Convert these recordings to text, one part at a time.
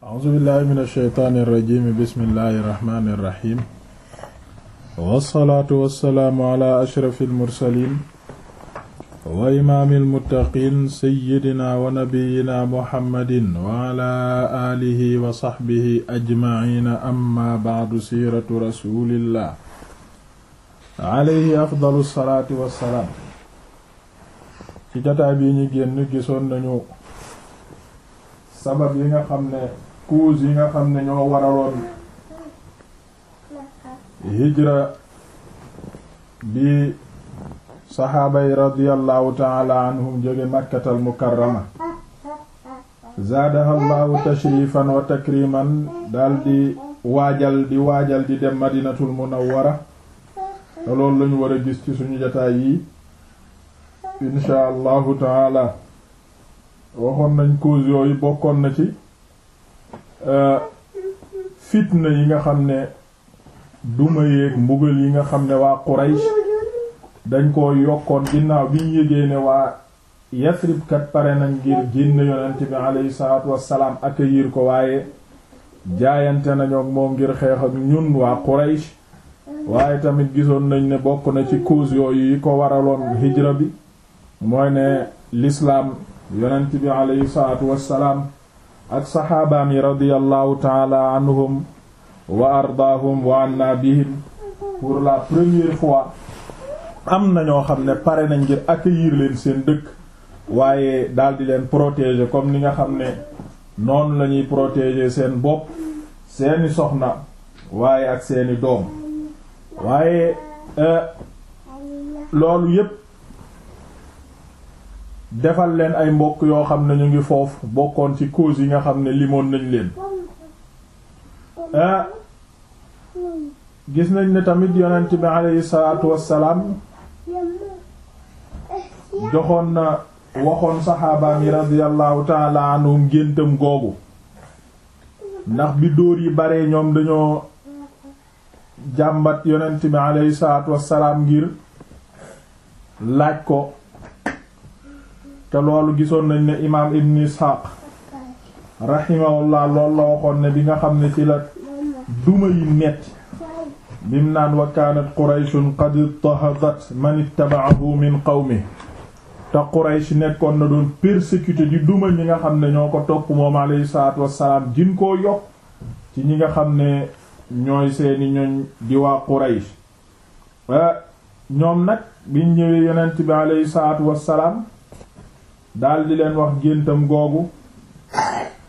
axusubillahi min alsheytaani irrajimi bismillahi irrahmani irrahim wassalaatu wassalaamu ala ashrafi almursalin wa imaami almuttaqin seyidina wa nabiyina muhammadin wa ala alihi wa saxbihi ajmaciina amma bacdu siiratu rasulillah alayhi afdalu salaati wassalaam ci jotaay bi ñu génn gisoon nañu sabab yi nga xam ne cause yi nga xam ne ñoo waraloon hijra bi saxaaba yi radiyallahu taala anhum jóge makkatal mukarrama zaadahallahu tashrifan wa takriman daldi di waajal di dem madinatul munawwara te loolu lañu war a gis ci suñu jotaay yi insha allahu taala waxoon nañ cause yooyu bokkoon na ci Euh, fitna yi nga xam ne duma yeeg mbugal yi nga xam ne waa Quraysh dañ ko yokkoon ginnaaw bi ñu yégee ne waa Yasrib kat pare nañ ngir génn yonent bi alayhi salaatu wassalaam ko waaye jaayante nañoo moom ngir xeex ak ñun waa Quraysh waaye tamit gisoon nañ ne bokk na ci cause yooyu yi ko waraloon hijra bi mooy ne l'islam yonent bi alayhi salaatu wassalaam ak saxaabaam yi radiyallahu taala anhum wa ardaahum wa anna bihim pour la première fois am na ñoo xam ne pare nañ ngir accueillir leen seen dëkk waaye daldi leen protéger comme ni nga xam ne noon lañuy ñuy seen bopp seeni soxna waaye ak seeni doom waaye euh, loolu yépp defal leen ay mbokk yoo xam ne ñu ngi foofu bokkoon ci cause yi nga xam ne limoon nañ leen ah, gis nañ ne tamit yonent bi aleyhi salaatu wassalaam joxoon na waxoon saxaabaam yi radiyallahu taala ngéntam googu ndax bi dóor yi baree ñoom dañoo jàmbat yonent bi aleyhi salaatu wassalaam ngir laaj ko te loolu gisoon nañ ne imaam ibn isxaaq rahimahullah loolu la waxoon ne bi nga xam ne ci la duma yi metti bim naan wa kaanat qurayshun qad ittahadat man ittaba'ahu min qawmi te quraysh nekkoon na doon persécuté di duma ñi nga xam ne ñoo ko topp moom alayhi salaatu wassalaam gin koo yokk ci ñi nga xam ne ñooy seeni ñoñ di waa quraysh eh, ñoom nag biñ ñëwee yonent bi alayhi salaatu wassalaam daal di leen wax géntam googu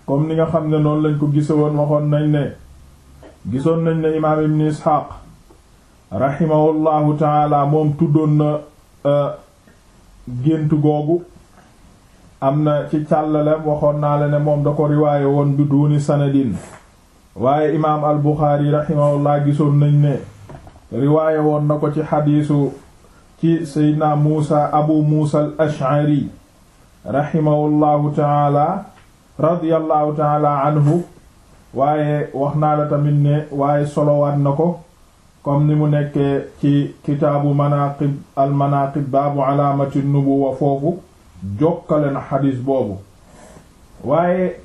comme ni nga xam ne noonu lañ ko woon waxoon nañ ne gisoon nañ ne imaam ibn isxaaq rahimahullahu taala moom tuddoon na euh, gént googu am na ci càllalem waxoon naa la ne moom da ko riwaaye woon bi duuni sanadin waaye imaam al buxaari rahimahullah gisoon nañ ne riwaaye woon na ko ci xadiisu ci seydna muusa abu muusa al ash'ari rahimahullahu taala radiyallahu taala anhu waaye wax naa la tamit ne waaye solowaat na ko kom ni mu nekkee ci kitaabu manaqib al manaqib baabu alaamati nubuwa foofu jokkale na xadiis boobu waaye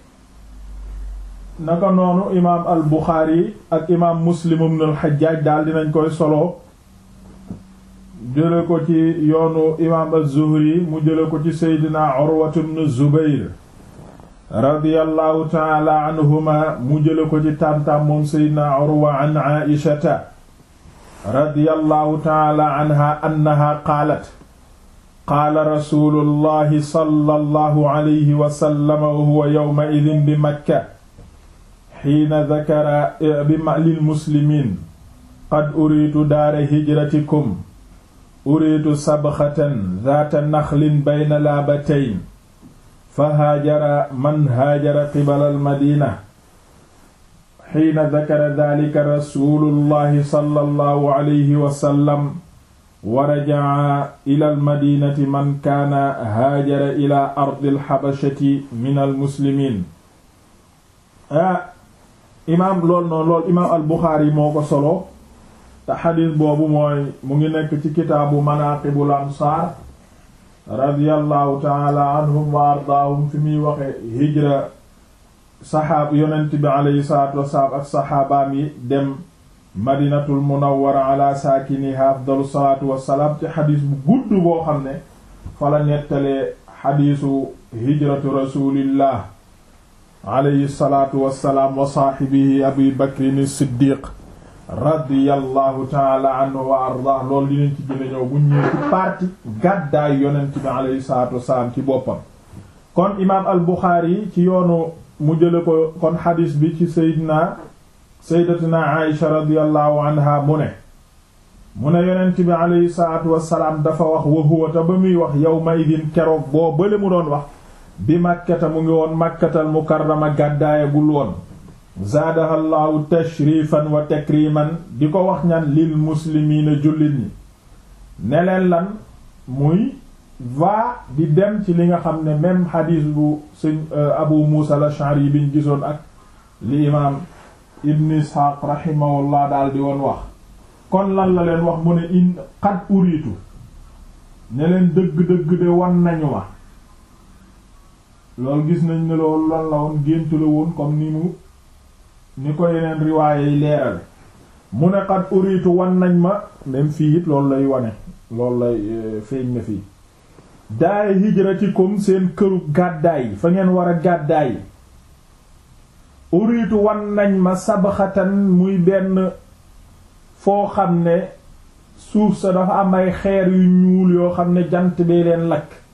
naka noonu imaam al buxaari ak imaam muslim ibn al xajjaaj daal dinañ koy solo jële ko ci yoonu imaam az-Zuhri mu jële ko ci seydina Urwatu ibn Zubayr radiyallahu taala anhuma mu jële ko ci tàntam moom seydina Urwa an Aishata radiyallahu taala anha annaha qaalat qaala rasulullahi sallallahu alayhi wa sallam wa huwa yawma idin bi makka xiina dakara eh, bi lilmuslimiin qad uriitu daara hijratikum uriidu sabxatan zaata naxlin bayna laabatayn fa haajara man haajara qibala almadina xiina dakara dalika rasulullahi sallallahu alayhi wa sallam wa rajaca ila almadinati man kaana haajara ila ardi alxabashati min almuslimin ah imaam lool noonu lool imaam albuxaari moo ko solo te xadis boobu mooy mu ngi nekk ci kitaabu manaqibul ansaar radiyallahu taala anhum wa ardaahum fi muy waxe hijra saxaab yonent bi aleyhi salaatu wasalaam ak saxaabaam yi dem madinatul munawwara ala saakiniha afdalu salaatu wasalaam ci xadis bu gudd boo xam ne fa la nettalee xadisu hijratu rasulillah aleyhi salaatu wasalaam wa saaxibihi abi bakrin siddiq radiyallahu taala anhu wa ardah loolu dinañ ci gën a ñëw buñ ñëw ci partie yonent bi alayhi ci boppam kon imaam al ci yoonu mu jële ko kon xadis bi ci sayyidina sayyidatina Aisha radiyallahu anha mu ne mu ne yonent bi alayhi salatu dafa wax wa ba muy wax yawma idin keroog boo bale mu doon wax bi màkkata mu ngi woon màkkatal mukarrama gàddaayagul woon zaadaha llaahu tashrifan wa takriman di ko wax ñan lil muslimiina jullit ñi neleen lan muy va di dem ci li nga xam ne même xadiis bu sëñ euh, abu muusa al-Ash'ari biñ gisoon ak li imaam ibn isxaaq rahimahullah daal di woon wax kon lan la leen wax mu ne in uriitu ne dëgg-dëgg de wan nañu ma loolu gis nañ ne loolu lan la woon géntu la woon comme ni mu ni ko yeneen riwaaye yi leerale mu ne xat uriitu wan nañ ma même fii it loolu lay wane loolu lay euh, feeñ na fii daay hijratikum seen këru gàddaay yi fa ngeen war a gàddaay yi uriitu wan nañ ma sabxatan muy benn foo xam ne suuf sa dafa am ay xeer yu ñuul yoo xam ne jant bee leen lakk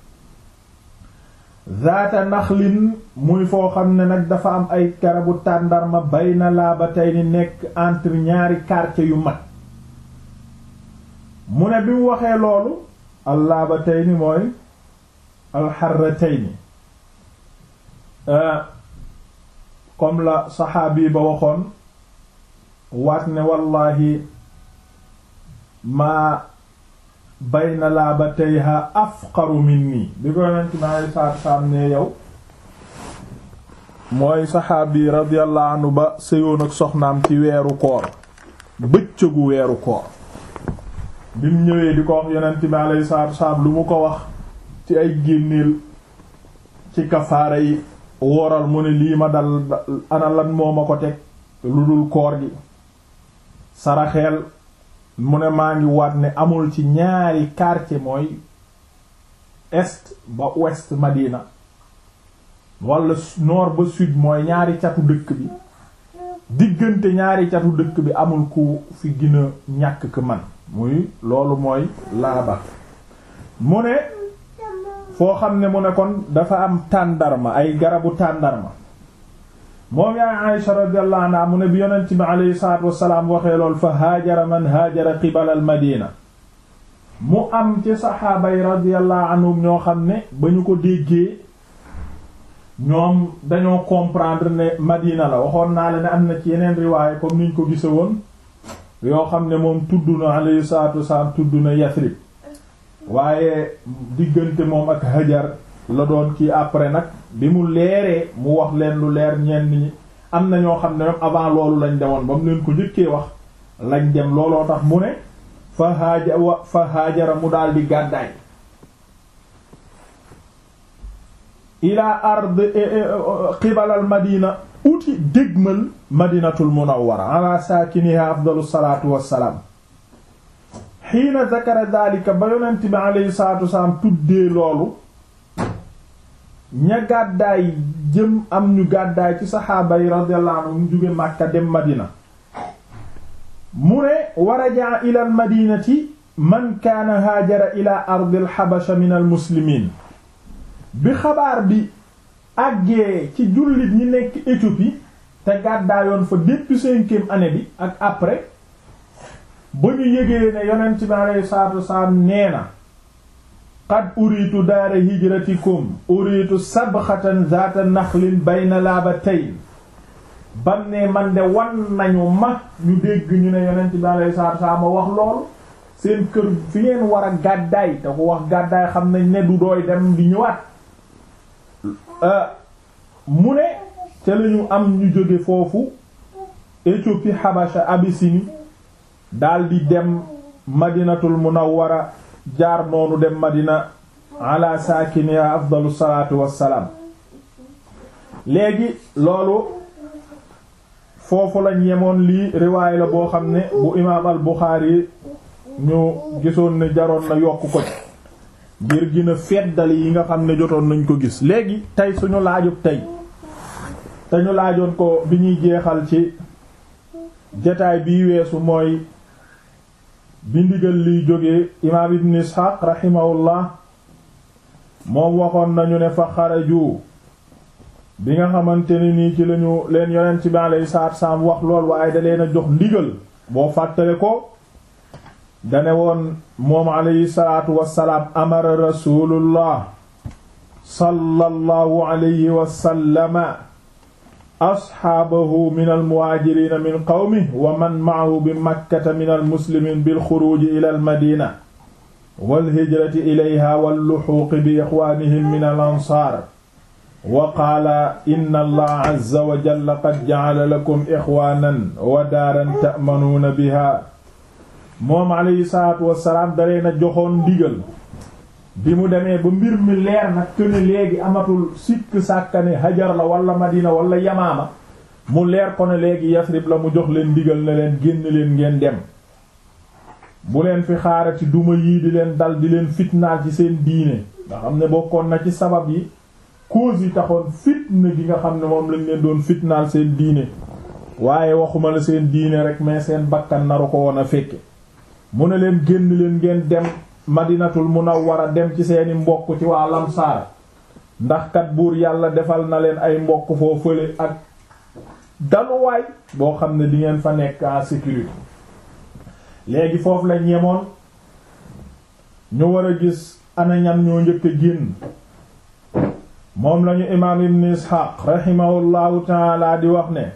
zaata naxlin muy foo xam ne nag dafa am ay garabu tàndarma bay na laa ba tey ni nekk entre ñaari quartier yu mag mu ne bi mu waxee loolu allaa ba mooy alxarra tey euh, comme la saxaabi ba waxoon waat ne wallaahi maa bayna laabatayha afqaru minni bi ko yonent bi alei salatu salaam ne yow mooy saxaabi radiyallahu anhu ba sëyoon ak soxnaam ci weeru koor bëccëgu weeru koor bi mu ñëwee di ko wax yonent bi alei salatu salaam lu mu ko wax ci ay génneel ci kafaara yi wooral mu ne lii ma dal ana lan moo ma ko teg lu dul koor gi saraxeel mu ne maa ngi waat ne amul ci ñaari quartier mooy est ba ouest Madina wala noor ba sud mooy ñaari catu dëkk bi diggante ñaari catu dëkk bi amul ku fi gën a ñàkk que man muy loolu mooy laaba mu ne foo xam ne mu ne kon dafa am tàndarma ay garabu tàndarma moom yaay Aïsha radiyallahu anha mu ne bi yonent bi alayhi salaatu salaam waxee lool fa haajara man haajara qibala madina mu am ci saxaaba yi radiyallahu anhum ñoo xam ne ba ñu ko déggee ñoom dañoo comprendre ne madina la waxoon naa la ne am na ci yeneen riwaaye comme niñ ko gise woon yoo xam ne moom tudd na alayhi salaatu wassalaam tudd na Yasrib waaye diggante moom ak Hajar la doon kii après nag bi mu leeree mu wax leen lu leer ñenn ñi am na ñoo xam ne même avant loolu lañ demoon ba mu leen ko njëkkee wax lañ dem looloo tax mu ne fa haajara mu daal di gàddaay ila ard e, e, qibalal madina uti dégmal madinatul munawwara ala saakiniha afdalu salaatu wassalaam xiina zakara daalika ba yonent bi alayhi salaatu wassalaam tuddee loolu ña gàddaay jëm am ñu gàddaay ci saxaaba yi radiyallahu anhum jóge Makka dem Madina mu ne wa rajaa madinati man kaana haajara ila ardi al xabasha min muslimiin bi xabaar bi àggee ci jullit ñi nekk Éthiopie te gàddaayoon fa depuis cinquième année bi ak après ba ñu yëgee ne yonent bi alayhi salaatu wasalaam nee na qad uriitu daara hijratikum uriitu sabxatan zaata naxlin bayna laabatayn bam ne man de wan nañu ma ñu dégg ñu ne yonent bi alayhi salaatu salaam wax loolu seen kër fi ngeen wara a gàddaay te ku wax gàddaay xam na ne du dooy dem di ñëwaat euh, mu ne ca la ñu am ñu jóge foofu Éthiopie Habasha Abyssinie daldi dem Madinatul Munawwara jaar noonu dem Madina ala saakiniha afdalu salaatu wassalaam léegi loolu foofu lañ yemoon lii riwaay la boo xam ne bu imaam al ñu gisoon ne jaroon na yokk ko ci ngir gën a feddali yi nga xam ne jotoon nañu ko gis léegi tey suñu laajub tey te ñu laajoon ko bi ñuy jeexal ci jataay bii weesu mooy bi ndigal liy jóge imaam ibn isxaaq raximahullah moom waxoon nañu ne fa xaraju bi nga xamante ne nii ci lañu leen yonent bi alayhi salaatu salaam wax lool waaye da leen a jox ndigal boo fàttale ko dane woon moom alayhi salaatu wassalaam amara rasulullah sallallahu alayhi wasallama asxaabahu min almuhaajirina min qawmi wa man maahu bi makkata min almuslimin bilxuruji ila almadina walhijrati ilayha walluxuuqi bi ixwaanihim min alansaar wa qaala inna allaha azza wa jalla qad jacala lakum ixwaanan wa daaran ta'manuuna biha moom alayhi salaatu wassalaam daleen a joxoon ndigal bi mu demee ba mbir mi leer nag que ne léegi amatul sikk sàkka ne hajar la wala madina wala yamaama mu leer ko ne léegi yasrib la mu jox leen ndigal ne leen génn leen ngeen dem bu leen fi xaarati duma yii di leen dal di leen fitnaal ci seen diine nga xam ne bokkoon na ci sabab yi cause yi taxoon fitna gi nga xam ne moom lañ leen doon fitnaal seen diine waaye waxuma la seen diine rek mais seen bakkan naru ko woon a fekke mu ne leen génn leen ngeen dem madinatul munawwara dem ci seeni mbokk ci waa lamsaar ndax kat buur yàlla defal na leen ay mbokk foo fële ak daluwaay boo xam ne di ngeen fa nekk en léegi foofu la ñemoon ñu war a gis ana ñan ñoo njëkk a moom lañu imaam ibn isxaaq rahimahullahu taala di wax ne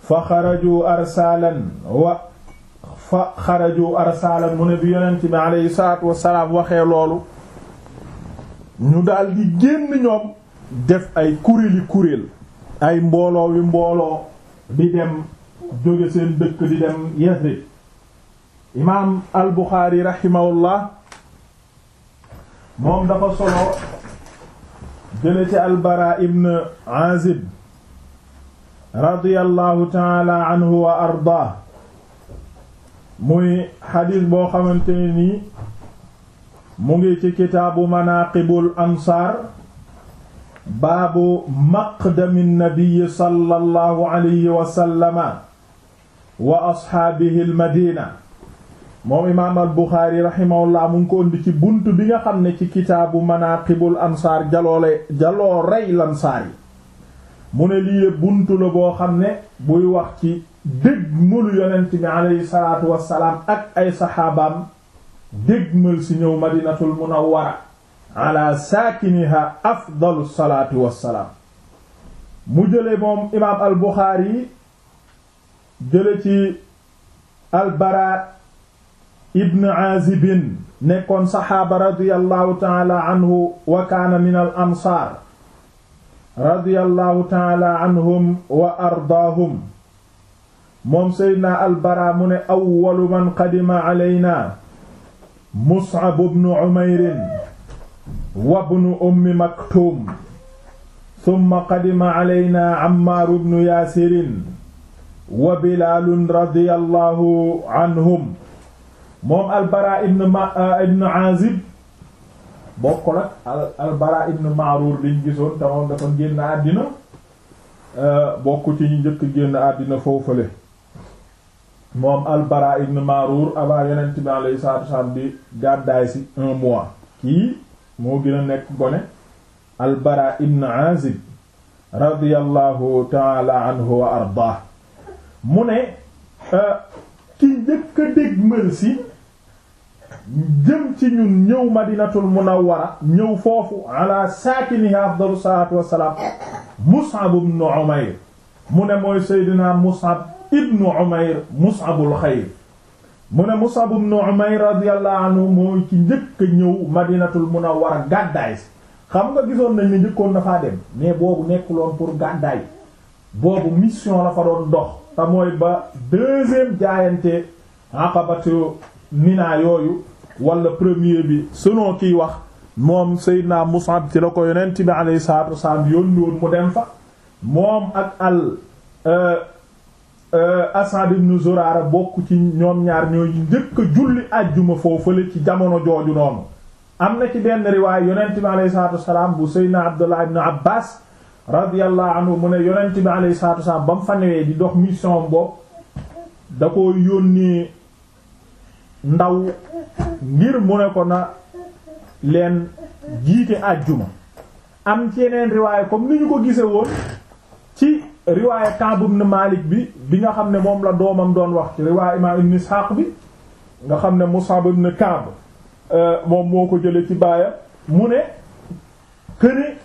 fa xaraju arsalan wa fa xaraju arsalan mu ne bi yonent bi aleyhi salaatu wasalaam waxee loolu ñu daal génn ñoom def ay kuréeli kuréel ay mbooloo wi mbooloo di dem jóge seen dëkk di dem Yasrib imaam al Buxaari moom dafa solo jële ci al Baraa ibn Aazib radiyallahu anhu wa ardaa muy xadis boo xamante ne nii mu ngi ci kitaabu manaqibul ansaar baabu maqdami nnabiyi sallallahu alayhi wa sallama wa asxaabihi almadina moom imaam al buxaari raximahullah mu ngi ko ënd ci bunt bi nga xam ne ci kitaabu manaqibul ansaar jaloole jaloo rey lansaar yi mu ne lii buntu la boo xam ne buy wax ci dégmalu yonent bi aleyhi salaatu wassalaam ak ay saxaabaam dégmal si ñëw madinatul munawwara ala saakiniha afdalu salaatu wassalaam mu jële moom imaam al buxaari jële ci al bara ibn aazibin nekkoon saxaaba radiyallahu taala anhu wa kaana min al ansaar radiyallahu taala anhum wa ardaahum moom seydna albara mu ne awwalu man qadima aleyna mus'ab ibn umayr wa ibn ummi maktum thumma qadima aleyna ammaar ibn yaasir wa bilaal radiyallahu anhum moom albara ibn euh, ibn aazib bokkul ak albara ibn maaruur liñ gisoon te moom dafa génn àddina euh, bokk ci ñu njëkk génn àddina foofale moom albara ibn maruur abaa yonent bi alayhi salaatu wasalaam bi gàddaay si un mois kii moo gën a nekk gone albara ibn azib radiyallahu taala anhu wa ardaa mu ne euh, ki njëkk a dégmal si jëm ci ñun ñëw madinatul munawwara ñëw foofu ala saakinihi afdalu salaatu wasalaam mus'ab ibn umayr mu ne mooy seydina mus'ab ibnu umayr mus'abul xayr mu ne mus'ab ibnu umayr radiyallahu anhu mooy ci njëkk a ñëw madinatul munawwara gàddaay si xam nga gisoon nañ njëkkoon dafaa dem mais boobu nekkuloon pour gàddaay boobu mission la fa doon dox te mooy ba deuxième jaayante aqabatu mina yooyu wala premier bi selon kiy wax moom Seydina Mus'ab ci la ko yonent bi alayhi salaatu wasalaam yónni mu dem fa moom ak al euh, Euh, Asad ibn Zurara ci ñoom ñaar ñooy njëkk julli àjjuma foofale ci jamono jooju noonu am na ci benn riwaay yonent bi alayhi salaatu wasalaam bu Seydina Abdullah ibn Abbas radiyallahu anhu mu ne yonent bi alayhi salaatu wasalaam ba fa newee di dox mission bopp da ko yónnee ndaw ngir mu ne ko na leen jiite àjjuma am ci yeneen riwaay comme ni ñu ko gise woon riwaaya Ka'b ibn Malik bi bi nga xam ne moom la doomam doon wax ci riwaaya imaam ibn Ishaq bi nga xam ne Mus'ab ibn Ka'b euh, moom moo ko jële ci baayam mu ne këne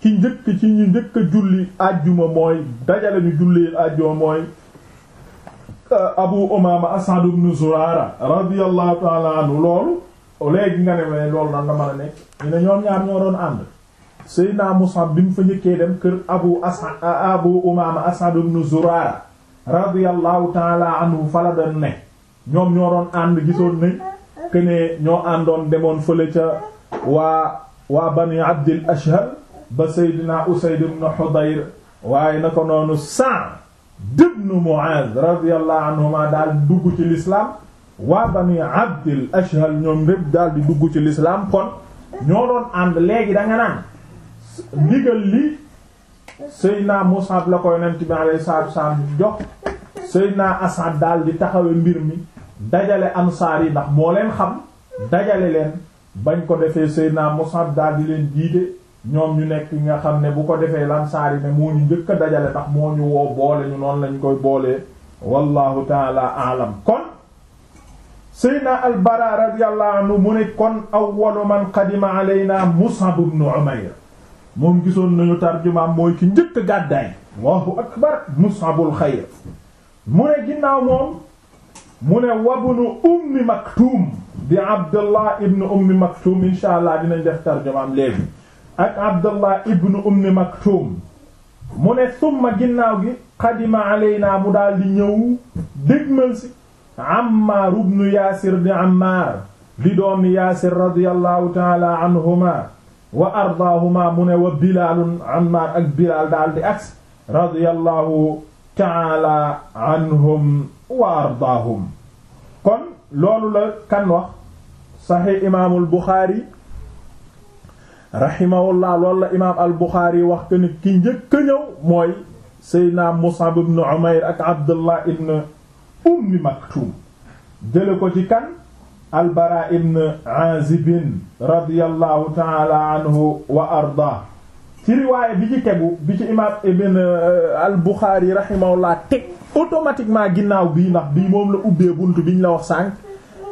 ki njëkk ci ñu njëkk julli àjjuma mooy dajale ñu julli àjjuma mooy euh, Abu Umaama As'ad ibn Zurara radiyallahu ta'ala loolu léegi nga ne loolu nan la mën nekk ñu ne ñoom ñaar ñoo doon ànd Seydina Mus'ab bi mu fa njëkkee dem kër Abu As'ad Abu Umaama As'ad ibn Zuraara radiyallahu ta'ala anhu fala doon ne ñoom ñoo doon ànd gisoon nañ que ñoo àndoon demoon fële ca waa waa Bani Abdil Ashhal ba Seydina Usayd ibn Hudayr waaye na ko noonu Sa'd ibn Mu'aaz radiyallahu anhuma daal dugg ci l'islam waa Bani Abdil Ashhal ñoom rëbb daal di dugg ci l'islam kon ñoo doon ànd léegi da naan ndigal li Seydina Musab la koy nent bi alayhi salaatu wasallam jox Seydina Asad daal di taxawe mbir mi dajale ansaar yi ndax moo leen xam dajale leen bañ ko defee Seydina Musab daal di leen jiite ñoom ñu nekk nga xam ne bu ko defee lansaar yi ne moo ñu njëkk a dajale ndax moo ñu woo boole ñu noonu lañ koy boolee wallahu taala alam kon Seydina al Bara radiyallahu anhu mu ne kon awwalu qadima alayna Musab ibn moom gisoon nañu tarjumaam mooy ki njëkk a gàddaay Allahu akbar Mus'abul Xayr mu ne ginnaaw moom mu ne wabnu ummi Maktum di Abdallah ibn ummi Maktum insha allah def tarjumaam léegi ak Abdallah ibn ummi Maktum mu ne summa ginnaaw gi qadima alaynaa mu daal di ñëw dégmal si Ammaar ibn Yaasir di Ammaar di doomi Yaasir radiyallahu ta'ala anhuma wa ardaahuma mu ne wa bilaalun ammaar ak bilaal daal di aks radiyallahu taala anhum wa ardaahum kon loolu la kan wax saxix imaamul buxaari rahimahullah loolu la imaam al buxaari wax que ni ki njëkk a ñëw mooy seydna mus'ab ibn umayr ak abdullah ibn ummi maktum jële ko ci kan albara ibn azibin radiallahu taala anhu wa arda ci riwaaya bi ci tegu bi ci imam ibn uh, al buxaari rahimahullah teg automatiquement ginnaaw bii ndax bii moom la ubbee bunt biñ la wax sànq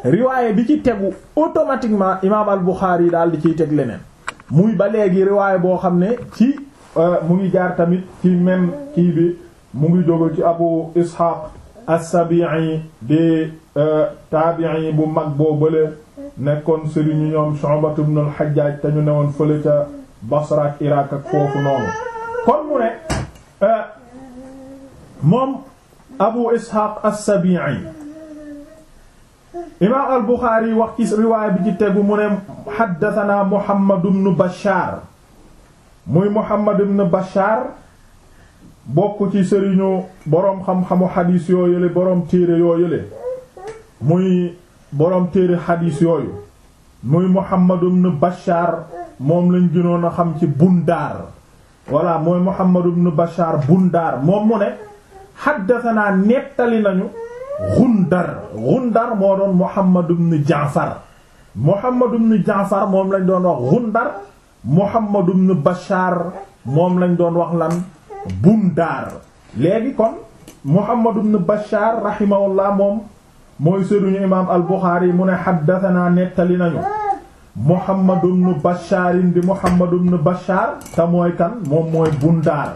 riwaaya bi ci tegu automatiquement imam al buxaari daal di ciy teg leneen muy ba léegi riwaaya boo xam ne ci uh, mu ngi jaar tamit ci même kii bi mu ngi jóge ci abu isxaaq as bi Euh, taabi'i bu mag boo bële nekkoon sëriñu ñoom Shu'bat ibn al-Hajjaj te ñu newoon fële ca Basra ak Irak ak noonu kon mu ne euh, moom Abu Ishaq as-Sabi'i imaam al-Bukhari wax ci riwaaya bi ci tegu mu ne haddathana Muhammad ibn Bashar muy Muhammad ibn Bashar bokk ci sëriñu boroom xam-xamu xadiis yoo yële boroom téere yoo yële muy boroom téere xadiis yooyu muy Muhammad ibn moom lañ gënoon a xam ci Bundaar voilà mooy Muhammad ibn Bashar Bundaar moom mu ne xaddasanaa nettali nañu Gundar Gundar moo doon Muhammad ibn Jaafar Muhammad moom lañ doon wax Gundar Muhammad ibn moom lañ doon wax lan Bundaar léegi kon Muhammad ibn Bashar moom mooy sëriñu imaam al-Buxaari mu ne xaddatanaa nettali nañu Muhammad ibn Bashaar di Muhammad ibn Bashaar te mooy kan moom mooy Bundaar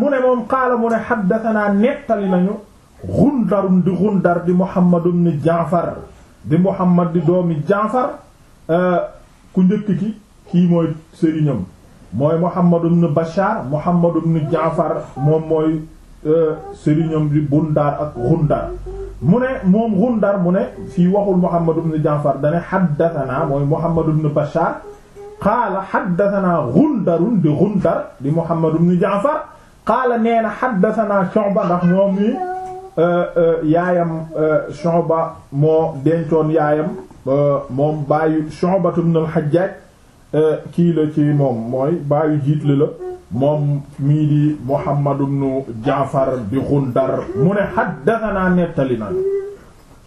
mu ne moom qaala mu ne xaddatanaa nettali nañu Gundar di Gundar di Muhammad ibn Jaafar di Muhammad di doomi Jaafar euh, ku njëkk ki kii mooy sëriñam mooy Muhammad ibn Bashaar Muhammad ibn Jaafar moom mooy euh, sëriñam di Bundaar ak Gundar mu ne moom Gundar mu ne fii waxul Muhammad ibn Ja'far dane haddathana mooy Muhammad ibn Bashar qaala haddathana Gundarun di Gundar di Muhammad ibn Ja'far qaala nee na haddathana Shu'ba ndax ñoom mi euh, euh, yaayam euh, Shu'ba moo dencoon yaayam moom bàyyi Shu'ba ibn al-Hajjaj Eh, kii la ci moom mooy baayu jiit li la moom mii di Muhammad ibn Jaafar bi Xundar mu ne haddathana nettali na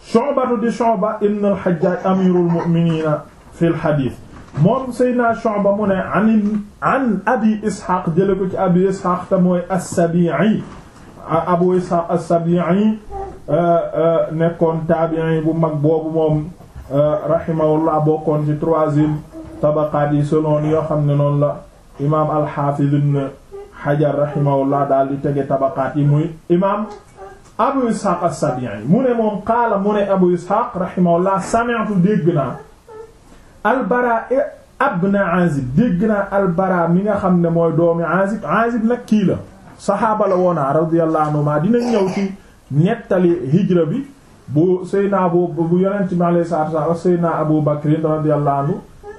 Shu'batu di Shu'ba ibn al-Hajjaj amirul mu'minina fil hadith moom Seydina Shu'ba mu ne an an Abi Ishaq jële ko ci Abi Ishaq te mooy as-Sabi'i Abu Ishaq as-Sabi'i eh, eh, nekkoon taabi'i bu mag boobu moom rahimahullah bokkoon ci troisième tabaqaat yi selon yoo xam ne noonu la imaam al-Hafiz ibn Hajar daal di tege tabaqaat yi muy imaam Abu Ishaq as-Sabi'i mu ne moom qaala mu ne Abu Ishaq rahimahullah sami'tu dégg naa al-Bara Azib dégg naa al mi nga xam ne mooy doomi Azib Azib nag kii la saxaaba la woona radiyallahu anhuma dinañ ñëw ci nettali hijra bi bu Seydina bu bu yonent bi alayhi salaatu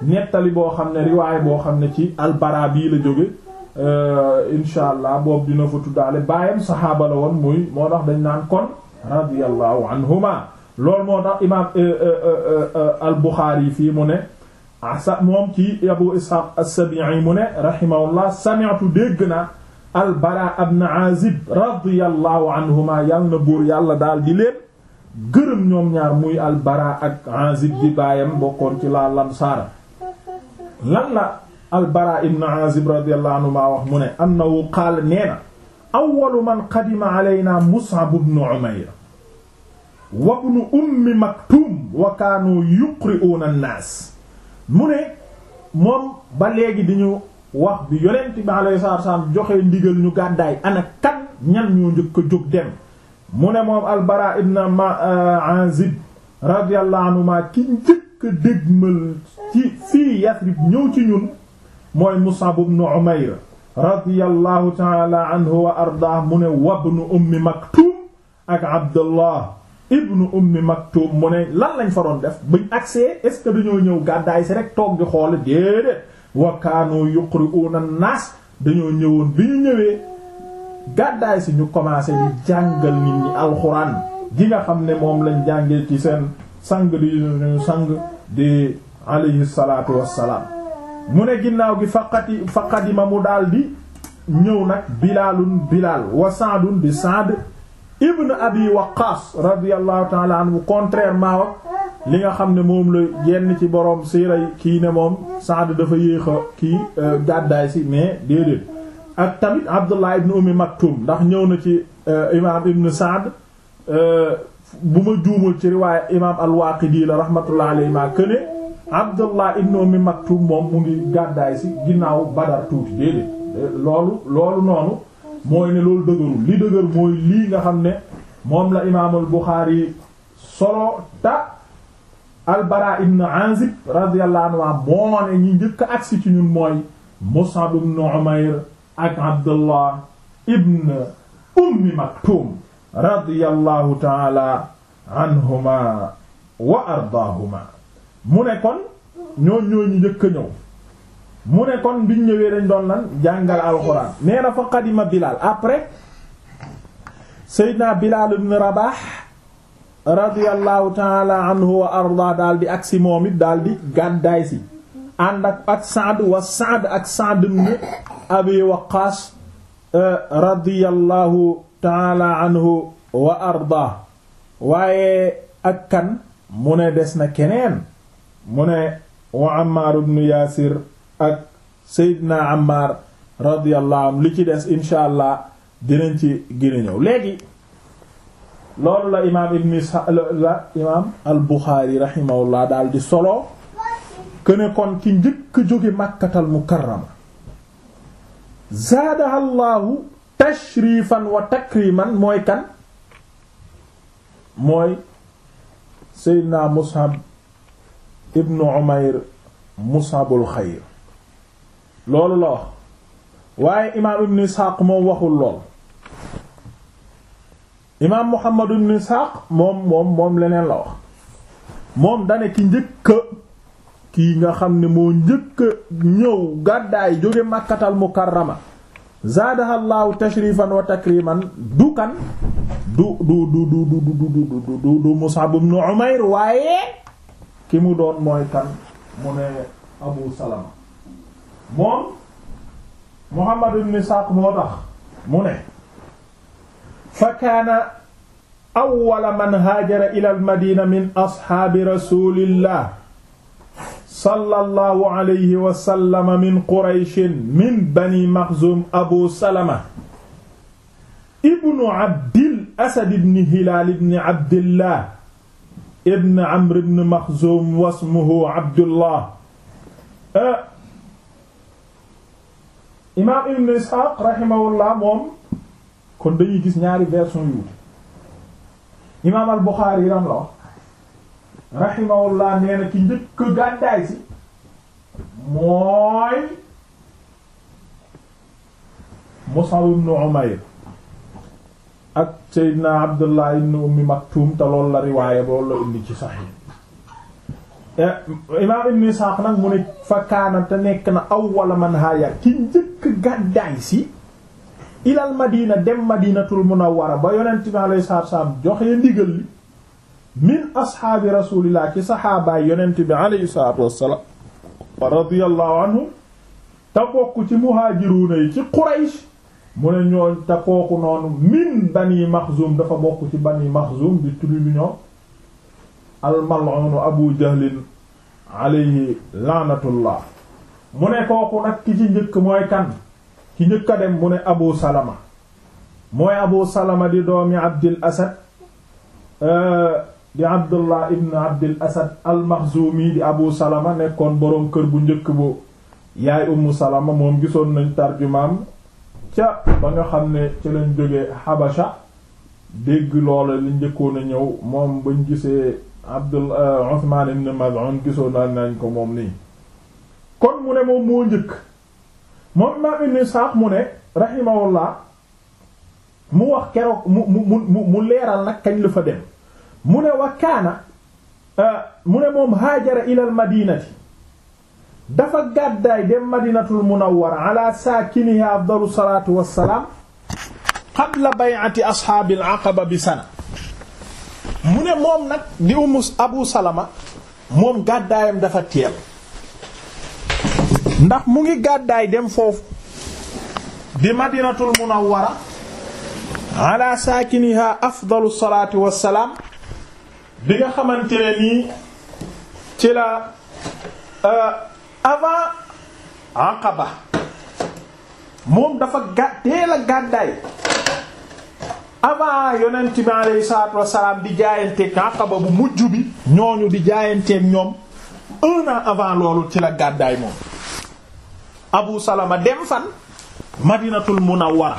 nettali boo xam ne riwaay boo xam ne ci albara bii la jóge euh, insha allah boobu dina fa tuddaale baayam saxaaba la woon muy moo tax dañ naan kon radiyallahu anhuma loolu moo tax imaam euh, euh, al Buxaari fii mu ne sa moom ci Abu Isxaaq as-Sabi'i mu ne rahimahullah sami'tu dégg na al Baraa ibn Aazib radiyallahu anhuma yàlla na buur yàlla daal di leen gërëm ñoom ñaar muy al Baraa ak Aazib di baayam bokkoon ci la Ansaar lan la albara ibn azib mu ne annahu qaal nee na awalu man qadima alayna mus'ab ibn umayr wa ibn ummi maktum wa kaanu yuqri'una an-naas mu ne moom ba léegi di ñu wax bi yonent bi alayhi salaatu joxe ndigal ñu gàddaay ana kan ñan ñoo njëkk jóg dem mu ne moom albara ibn azib radiyallahu anhu maa ki njëkk dégmal ci fii Yasrib ñëw ci ñun mooy Mus'ab ibn Umayr radiyallahu ta'ala anhu wa ardaah mu ne wabnu ummi Maktum ak Abdullah ibnu ummi Maktum mu ne lan lañ fa doon def buñ agsee est ce que dañoo ñëw gàddaay si rek toog di xool déedéet wa kaanu yuqri'una dañoo ñëwoon bi ñu ñëwee gàddaay si ñu commencé di jàngal nit ñi alxuraan gi nga xam ne moom lañ jàngee ci seen sang di sang di alayhi salaatu wassalaam mu ne ginnaaw gi yi faqadima mu daldi ñëw nag bilaalun bilaal wa saadun di saad ibn abi waqaas radiyallahu taala anhu contrairement ak li nga xam ne moom la yenn ci boroom siiray kii ne moom saad dafa yéex a kii euh, gàddaay si mais déedéet ak tamit abdullah ibn ummi maktum ndax ñëw na ci euh, imaam ibn saad euh, bu ma juumul ci riwaaya imaam al-Waaqidi la rahmatullah alayhi këne Abdullah ibn Ummi Maktum moom mu ngi gàddaay si ginnaaw Badar tuuti déedéet loolu loolu noonu mooy ne loolu dëgërul li dëgër mooy lii nga xam ne moom la imaamul Buxaari solo ta al ibn Azib radiyallahu moo ne ñi njëkk a agsi ci ñun mooy Mus'ab ibn Umayr ak Abdullah ibn Ummi Maktum radiyallahu ta'ala anhuma wa ardaahuma mu ne kon ñooñ ñu njëkk a mu ne kon biñ ñëwee dañ doon lan jàngal alxuraan nee na fa qadima Bilal après Seydina Bilal ibn Rabah radiyallahu taala anhu wa arda daal di agsi moom it daal di gàddaay si ànd ak ak wa Saad ak Saad ibn Abi Waqqas euh, radiyallahu taala anhu wa arda waaye ak kan mu ne des na keneen mu ne wa Ammaar ibn Yaasir ak Seydina Ammaar radiyallahu li ci des incha allah dinañ ci gën ñëw léegi loolu la imaam ibn Isxaaq la imaam al Buxaari rahimahullah daal di solo këne kon ki njëkk jóge Makkatal Mukarrama zaadaha llaahu tashrifan wa takriman mooy kan mooy Seydina Mus'ab ibnu umayr musabul xayr loolu la wax waaye imaam ibnu isxaaq moom waxul lool imaam muhammad ibnu isxaaq moom moom moom leneen la wax moom dane ki njëkka kii nga xam ne moo njëkk ñëw gàddaay jóge màkkatal mukarrama zaadaha tashrifan wa takriman du kan du du du du du du ibn Umayr waaye ki mu doon mooy kan mu ne Abu Salama moom Muhammad ibn Isaaq moo tax mu ne fa kaana awwala man haajara ila al-Madina min ashaabi rasulillah sallallahu alayhi wa sallam min Qurayshin min bani Maxzum Abu Salama ibnu Abdil Asad ibn Hilaal ibn Abdillah ibn amr ibn maxzum wasmuhu abdullah eh, imaam ibn isxaaq rahimahullah moom kon dañuy gis ñaari version yu imaam al buxaari yi ram la wax rahimahullah ci njëkk si mooy mus'ab ibn umayr ak Seydina Abdullah ibn Ummi Maktum te loolu la riwaaya loolu la indi ci Sahih eh, imaam Ibn Isxaaq nag mu ne fa kaana te nekk na awwala man haaya ki njëkk gàddaay si ilal Madina dem Madinatul Munawwara ba Yonent bi alayhi salaatu salaam joxe ndigal li min asxaabi rasuulillah ci saxaabaay Yonent alayhi salaatu wa radiyallahu anhu te bokk ci muhaajiruuna yi ci Quraysh mu ne ñooñ te kooku noonu min bani maxzum dafa bokk ci bani maxzum di tribu ñoom almalonu abu jahlin alayhi laanatullah mu ne kooku nag ki ci njëkk mooy kan ki njëkk a dem mu ne abu salama mooy abu salama di doomi abdil asad euh, di abdullah ibn abdil asad almaxzumi di abu salama nekkoon boroom kër bu njëkk bu yaay ummu salama moom gisoon nañ tarjumaam ca ba nga xam ne ca lañ jóge Habasha dégg loola li njëkkoon a ñëw moom bañ gisee Abdul Uthman ibn Maz'un gisoon nañ ko moom nii kon mu ne moom moo njëkk moom imaam Ibn Isxaaq mu ne rahimahullah mu wax keroog mu mu mu mu leeral nag kañ la fa dem mu ne wa kaana euh, mu ne moom haajara ilal madinati dafa gàddaay dem madinatul munawwara ala saakiniha afdalu salaatu wassalaam qabla bay'ati ashaabil aqaba bi sana mu ne moom nag di umu abu salama moom gàddaayam dafa teel ndax mu ngi gàddaay dem foofu di madinatul munawwara ala saakiniha afdalu salaatu wassalaam bi nga xamante ni nii avant Aqaba moom dafa ga teel a gàddaay avant yonent bi aleyhi di jaayanteeg Aqaba bu mujj bi ñooñu di jaayanteeg ñoom un avant loolu ci la gàddaay moom Abu Salama dem fan Madinatul Munawwara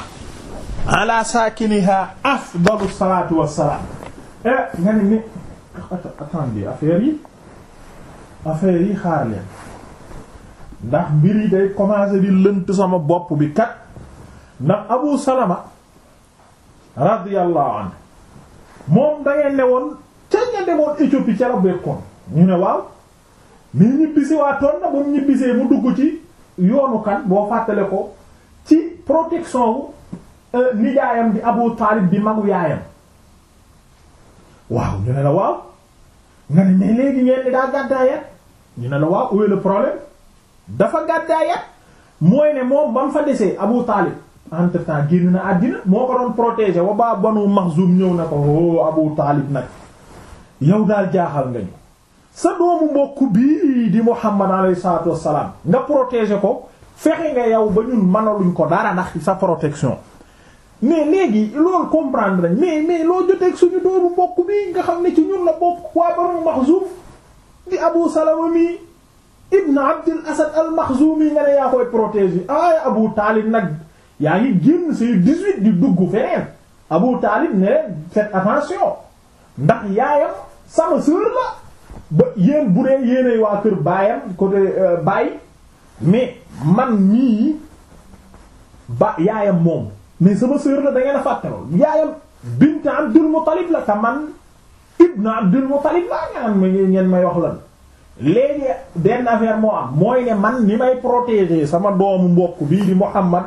ala saakiniha afdalu salaatu wassalaam eh nga ni mais attendez affaire yi affaire yi xaar leen ndax mbir yi day commencer di lënt sama bopp bi kat ndax Abu Salama radiyallahu anhu moom da ne woon ca nga demoon Éthiopie ca la ñu ne waaw mi ñibbisi waa toon na ba mu ñibbisee mu dugg ci yoonu kan boo fàttale ko ci protection wu euh, nijaayam di Abu Taalib bi magu yaayam waaw ñu ne la waaw nga ne mais léegi ngeen ni daa gàddaaya ñu ne la waaw où est problème dafa gàddaayat mooy ne moom ba fa desee Abu Taalib entre temps génn na àddina moo ko doon protéger wa baa Banu Maxsum ñëw na ko o oh, Abu Taalib nag yow daal jaaxal nga ñu sa doomu mbokk bii di Muhammad alayhi salaatu wassalaam nga protéger ko fexe nga yow ba ñun mënaluñ ko dara ndax sa protection mais léegi loolu comprendre mais mais loo joteeg suñu doomu mbokk bi nga xam ne ci ñun la bokk waa Banu Maxsum di Abu Salama mi ibn abdil asad al maxzumi nga abu taalib nag yaa ngi génn say di dugg feneen abu taalib ne leen faites attention ndax yaayam sama sœur la ba yéen bu dee yéenay waa baayam euh, man mii ba yaayam moom mais sama sœur la da ngeen a fàtte lool yaayam bint abdul muttalib la te man ibn abdul muttalib laa ñaan ma ngeen may wax lan léegi benn affaire moo am mooy ne man ni may protéger sama doomu mbokk bii di Muhammad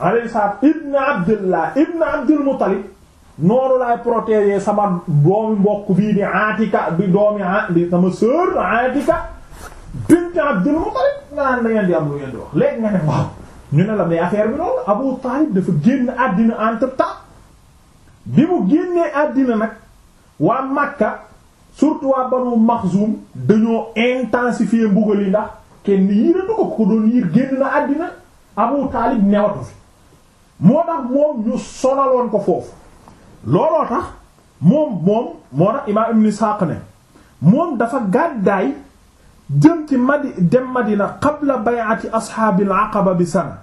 alayhi salaam ibn Abdullah ibn Abdul Muttalib noonu laay protéger sama doomu mbokk bii di Atika bi doomi di sama sœur Atika bint Abdul na ngeen di bi dafa génn àddina entre temps bi mu génnee àddina nag waa Makka surtout waa Banu Maxsum dañoo intensifier mbugal yi ndax kenn yiratu ko ko doon yir génn na Abu Taalib newatu fi moo tax moom ñu sonaloon ko foofu looloo tax moom moom moo tax imaam Ibn Isaaq ne moom dafa gàddaay jëm ci qabla bay'ati ashaabil aqaba bi sana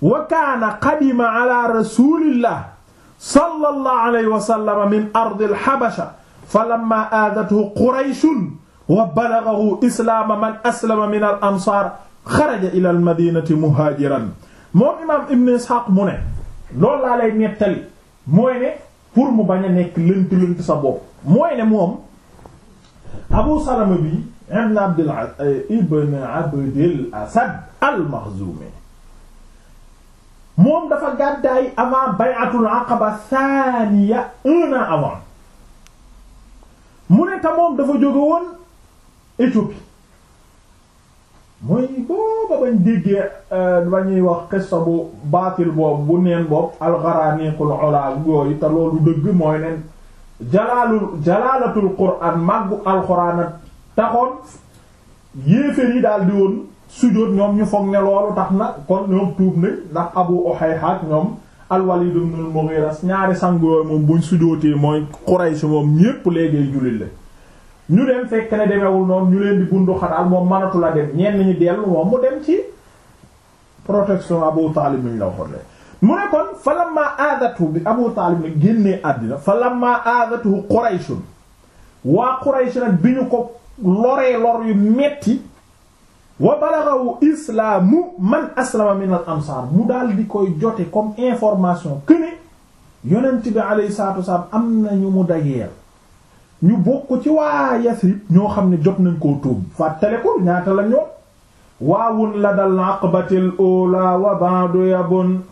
wa kaana qadima ala rasulillah sallallahu alayhi wa sallam min ardil habasha falamma aadathu qurayshun wa balaghahu islaama man aslama min al ansaar xaraja ila al madinati muhaajiran moom imaam ibn Isxaaq mu ne loolu laa lay nettali mooy ne pour mu bañ a nekk lënt lënt sa bopp mooy ne moom Abu Salama bi ibn Abdul eh, ibn Abdul Asad al-Makhzumi moom dafa gàddaay avant bay'atul aqaba thaniya un an avant mu ne te moom dafa jóge woon Éthiopie mooy booba bañ déggee euh, ba ñuy wax xissa bu baatil boobu bu neen boobu alxaraaniqul olaa yooyu te loolu dëgg mooy neen jalaalul jalaalatul quraan màggu alxuraan taxoon yéeféer yi daal di woon sujjóot ñoom ñu foog ne loolu tax na kon ñoom tuub nañ ndax abu ohayhaat ñoom al-Walid ibn al-Mughira ñaari sangooy moom buñ sujootee mooy Quraysh moom ñépp léegi jullit la ñu dem fekk ne demewul noonu ñu leen di bundu xataal moom manatu la dem ñenn ñi dellu moom mu dem ci protection Abu Talib ñu la waxoon mu ne kon fa lamma aadatu bi Abu Talib ne génnee àddina fa lamma aadatu Quraysh waa Quraysh nag bi ñu ko loree lor yu metti wa balagahu islaamu man aslama min al ansaar mu daal di koy jote comme information que ne yonent bi alayhi salaatu wasalaam am na ñu mu dajeel ñu bokk ci waa Yasrib ñoo xam ne jot nañ koo tuub fàttale ko ñaata la ñoo waawun la dal aqbatil ula wa ba'du yabun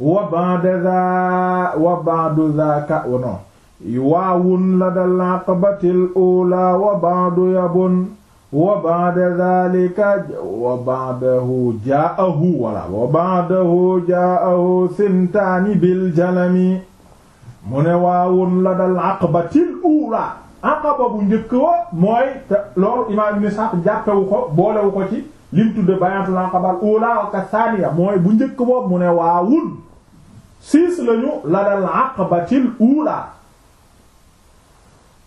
wa ba'da dha wa ba'du dhaka non waawun la dal aqbatil ula wa ba'du yabun wa ba'da dhalika wa ba'dahu ja'ahu wala wa ba'dahu ja'ahu sintaani bil jalami mu ne waawun la dal aqabatil ula aqaba bu njëkk wa mooy te loolu imaam ibn Sa'd jàppewu ko boolewu ko ci lim tudde bayantul aqabal ula ka thaniya mooy bu njëkk boobu mu ne waawun siis lañu la dal aqabatil ula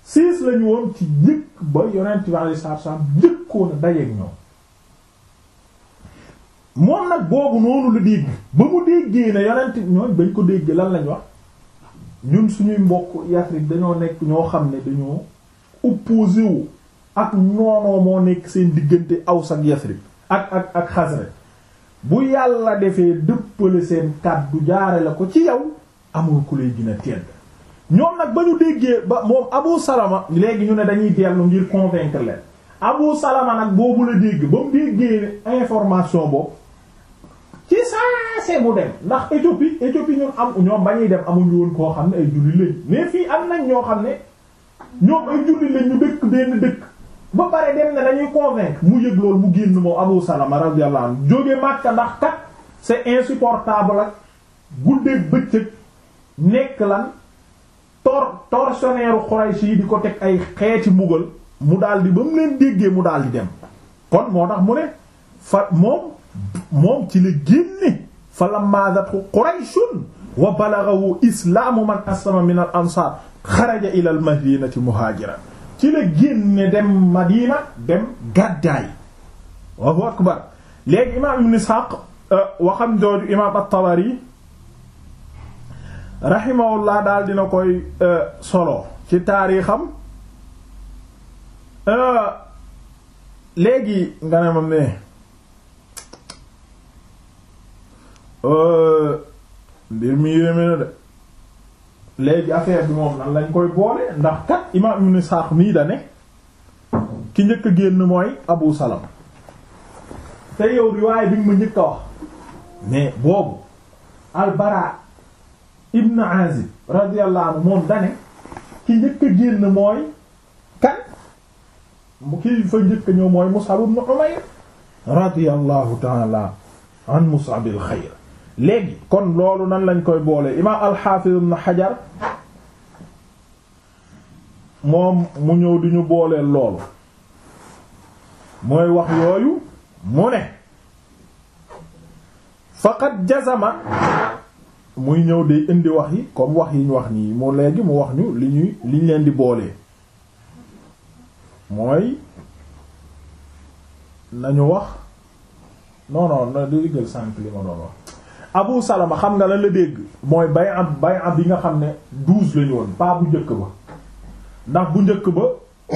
siis lañu woon ci jëkk ba yonent bi alayhi salaatu jëkkoon a dajeek ñoom moom nag boobu noonu la dégg ba mu déggee ne yonent ñooñ bañ ko dégg lan lañ wax ñun suñuy mbokk Yasrib dañoo nekk ñoo xam ne dañoo opposé wu ak noonoo moo nekk seen diggante aw ak Yasrib ak ak ak Xasraj bu yàlla defee dëppale seen kàddu jaare la ko ci yow amul ku lay gën a ñoom nag ba ñu déggee ba moom Abu Salama léegi ñu ne dañuy dellu ngir convaincre leen Abu Salama nag boobu la dégg ba mu déggee information boobu ci saase mu dem ndax Éthiopie Éthiopie ñun am ñoom ba ñuy dem amuñu woon koo xam ne ay julli lañ mais fii am nañ ñoo xam ne ñoom ay julli lañ ñu dëkk benn dëkk ba pare dem ne dañuy convaincre mu yëg loolu mu génn moom Abu Salama radiyallahu anhu jóge Makka ndax kat c'est insupportable ak guddeeg bëccëg nekk lan tor tortionnaire Quraysh di ko teg ay xeeti mbugal mu daal di ba mu leen déggee mu daal di dem kon moo tax mu ne fa moom ci la génne fa lamaadatu Qurayshun wa balaghahu islaamu man aslama min al ansaar xaraja ila al madinati muhaajiran ci la génne dem Madina dem gàddaay wa akbar léegi imaam Ibn Ishaq euh, waxam jooju imaam at-Tabari laa daal dina koy euh, solo ci taarixam euh, léegi nga ne mam ne euh, mbir mi yéeme na de léegi affaire bi moom nan lañ koy boole ndax kat imaam ibn Sa'd mii da ne ki njëkk génn mooy Abu Salama te yow riwaay bi nga ma njëkk wax mais boobu al ibn Azib radiyallahu anhu moom dane ki njëkk a génn mooy kan mu ki fa njëkk ñëw mooy Mus'ab ibn Umayr radiyallahu ta'ala an Mus'ab al léegi kon loolu nan lañ koy boole imaam al-Hafiz ibn Hajar moom mu ñëw di ñu booleel loolu mooy wax yooyu mu ne faqad jazama muy ñëw di indi wax yi comme wax yi wax nii mu léegi mu wax ñu li ñuy li ñu leen di boolee mooy nañu wax non non na di gël sànq li ma doon Abu Salama xam nga la la dégg mooy bay am bay am yi nga xam ne douze lañu woon bu njëkk ba ndax bu njëkk ba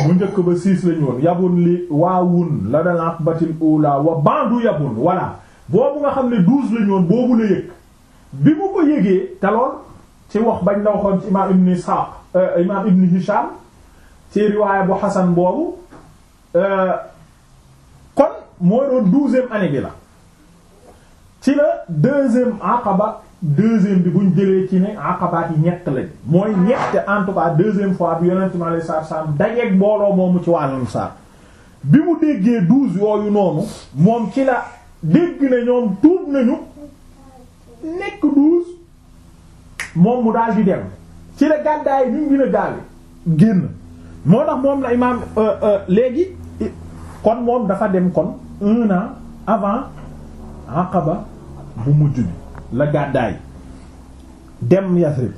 bu njëkk ba six lañu woon li waawun la dal aqbatil ula wa bandu yabun voilà boobu nga xam ne douze lañu boobu la yëg bi mu ko yëgee te ci wax bañ la waxoon ci imaam ibn Isxaaq euh, imaam ibn ci riwaaya bu Hasan boobu euh, kon mooy doon douzième année bi la ci la deuxième aqaba deuxième bi buñ jëlee ci ne aqabaat yi ñett lañ mooy ñett en tout cas deuxième fois bi yonent mi alayhi salaatu salaam dajeeg mbooloo moomu ci wàllum saar bi mu déggee douze yooyu noonu moom ci la dégg na ñoom tuub nañu nekk douze moom mu daal di dem ci la gàddaay ñu gën a gaawe génn moo tax moom la imaam euh, euh, léegi kon moom dafa dem kon un an avant Aqaba bu mujj bi la gàddaay dem Yasrib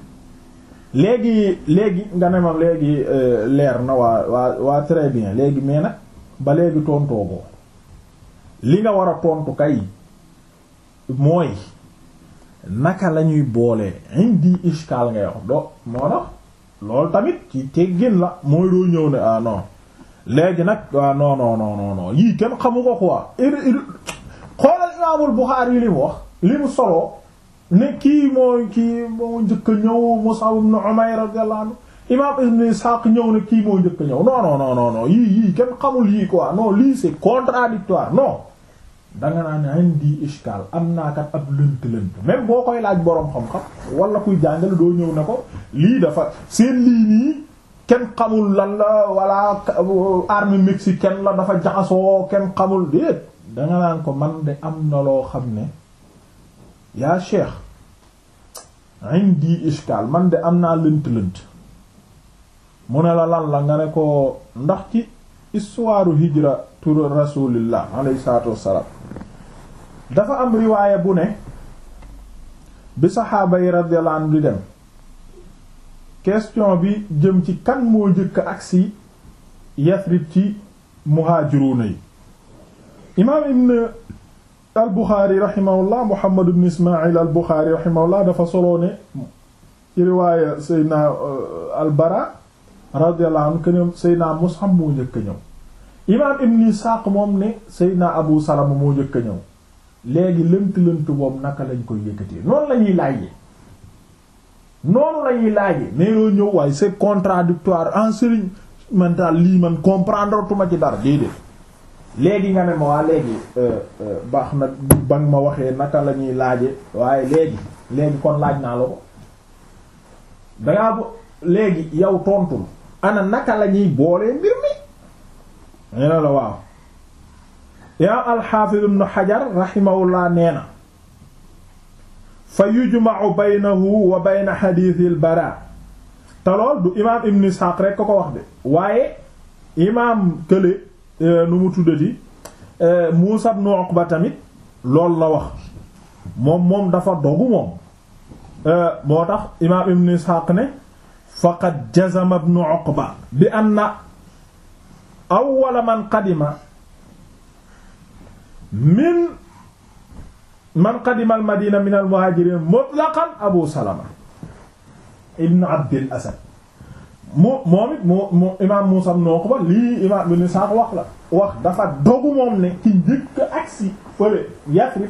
léegi léegi nga ne ma léegi euh, leer na waa waa waa très bien léegi mais nag ba léegi tontoo ko li nga war a tontu kay mooy naka la ñuy boolee indi ishkaal ngay wax do moo tax loolu tamit ci teggin la mooy doo ñëw ne ah non nag ah non non yii kenn xamu ko quoi xoolal imaamul Buxaari li mu wax li mu solo ne kii mooy kii moo njëkk a ñëw Mus'ab ibn Umayr radiyallahu anhu imaam Ibn ñëw ne kii moo njëkk ñëw non non non non yii yii kenn xamul yii quoi non lii c'est contradictoire non. danga naan am naa kat ab lënt-lënt même boo koy laaj boroom xam-xam wala kuy jàngale doo ñëw ne ko lii dafa seen lii nii kenn xamul lan la wala euh, armée mexicaine la dafa jaxasoo kenn xamul déet danga naan ko man de am na loo xam ne yaa cheikh indi ishkaal man de am naa lënt-lënt mu ne la lan la nga ne ko ndax ci histoire hijra tur rasulillah salaatu wassalaam dafa am riwaaya bu ne bi saxaaba yi radiyallahu anhu di dem question bi jëm ci kan moo njëkk agsi Yasrib ci muhaajiruuna yi imaam ibn al Buxaari rahimahullah Muhammad ibn Ismaayil al Buxaari rahimahullah dafa soloo ne ci riwaaya Seydina euh, al Bara radiyallahu anhu këne Seydina Mus'ab moo njëkk ñëw imaam ibn Isaaq moom ne Seydina Abu Salama moo njëkk ñëw léegi lënt-lënt boobu naka lañu koy yëkkatee noonu lañuy ñuy laajee noonu la ñuy laajee mais loo ñëw waaye c'est contradictoire en sëriñ man daal lii man comprendre tuma ci dara déedéet léegi nga ne ma waa léegi euh, euh, baax na ba nga ma waxee naka la ñuy laaje waaye léegi léegi kon laaj naa la ko dangaa bu léegi yow tontul ana naka la ñuy boolee mbir mi nee la waaw imaam alxaafiz ibnu xajar raximahullah nee na fa yujmau baynahu wa bayna xadiisil bara te lool du imaam ibnu isxaaq rek ko wax de waaye imaam kële e, nu mu tuddati e, muusa ibnu ba tamit loolu la wax moom moom dafa dogu moom e, moo tax imaam ibnu isxaaq ne faqad jazama ibnu uqba bi anna awwala man qadima min man qadima al madina min al muhajirin mutlaqan abu salama ibn abdil asad moo moom it moo moo imaam Muusaa noo ko ba lii imaam ibn Sa'd wax la wax dafa dogu moom ne ci njëkk agsi fële Yasrib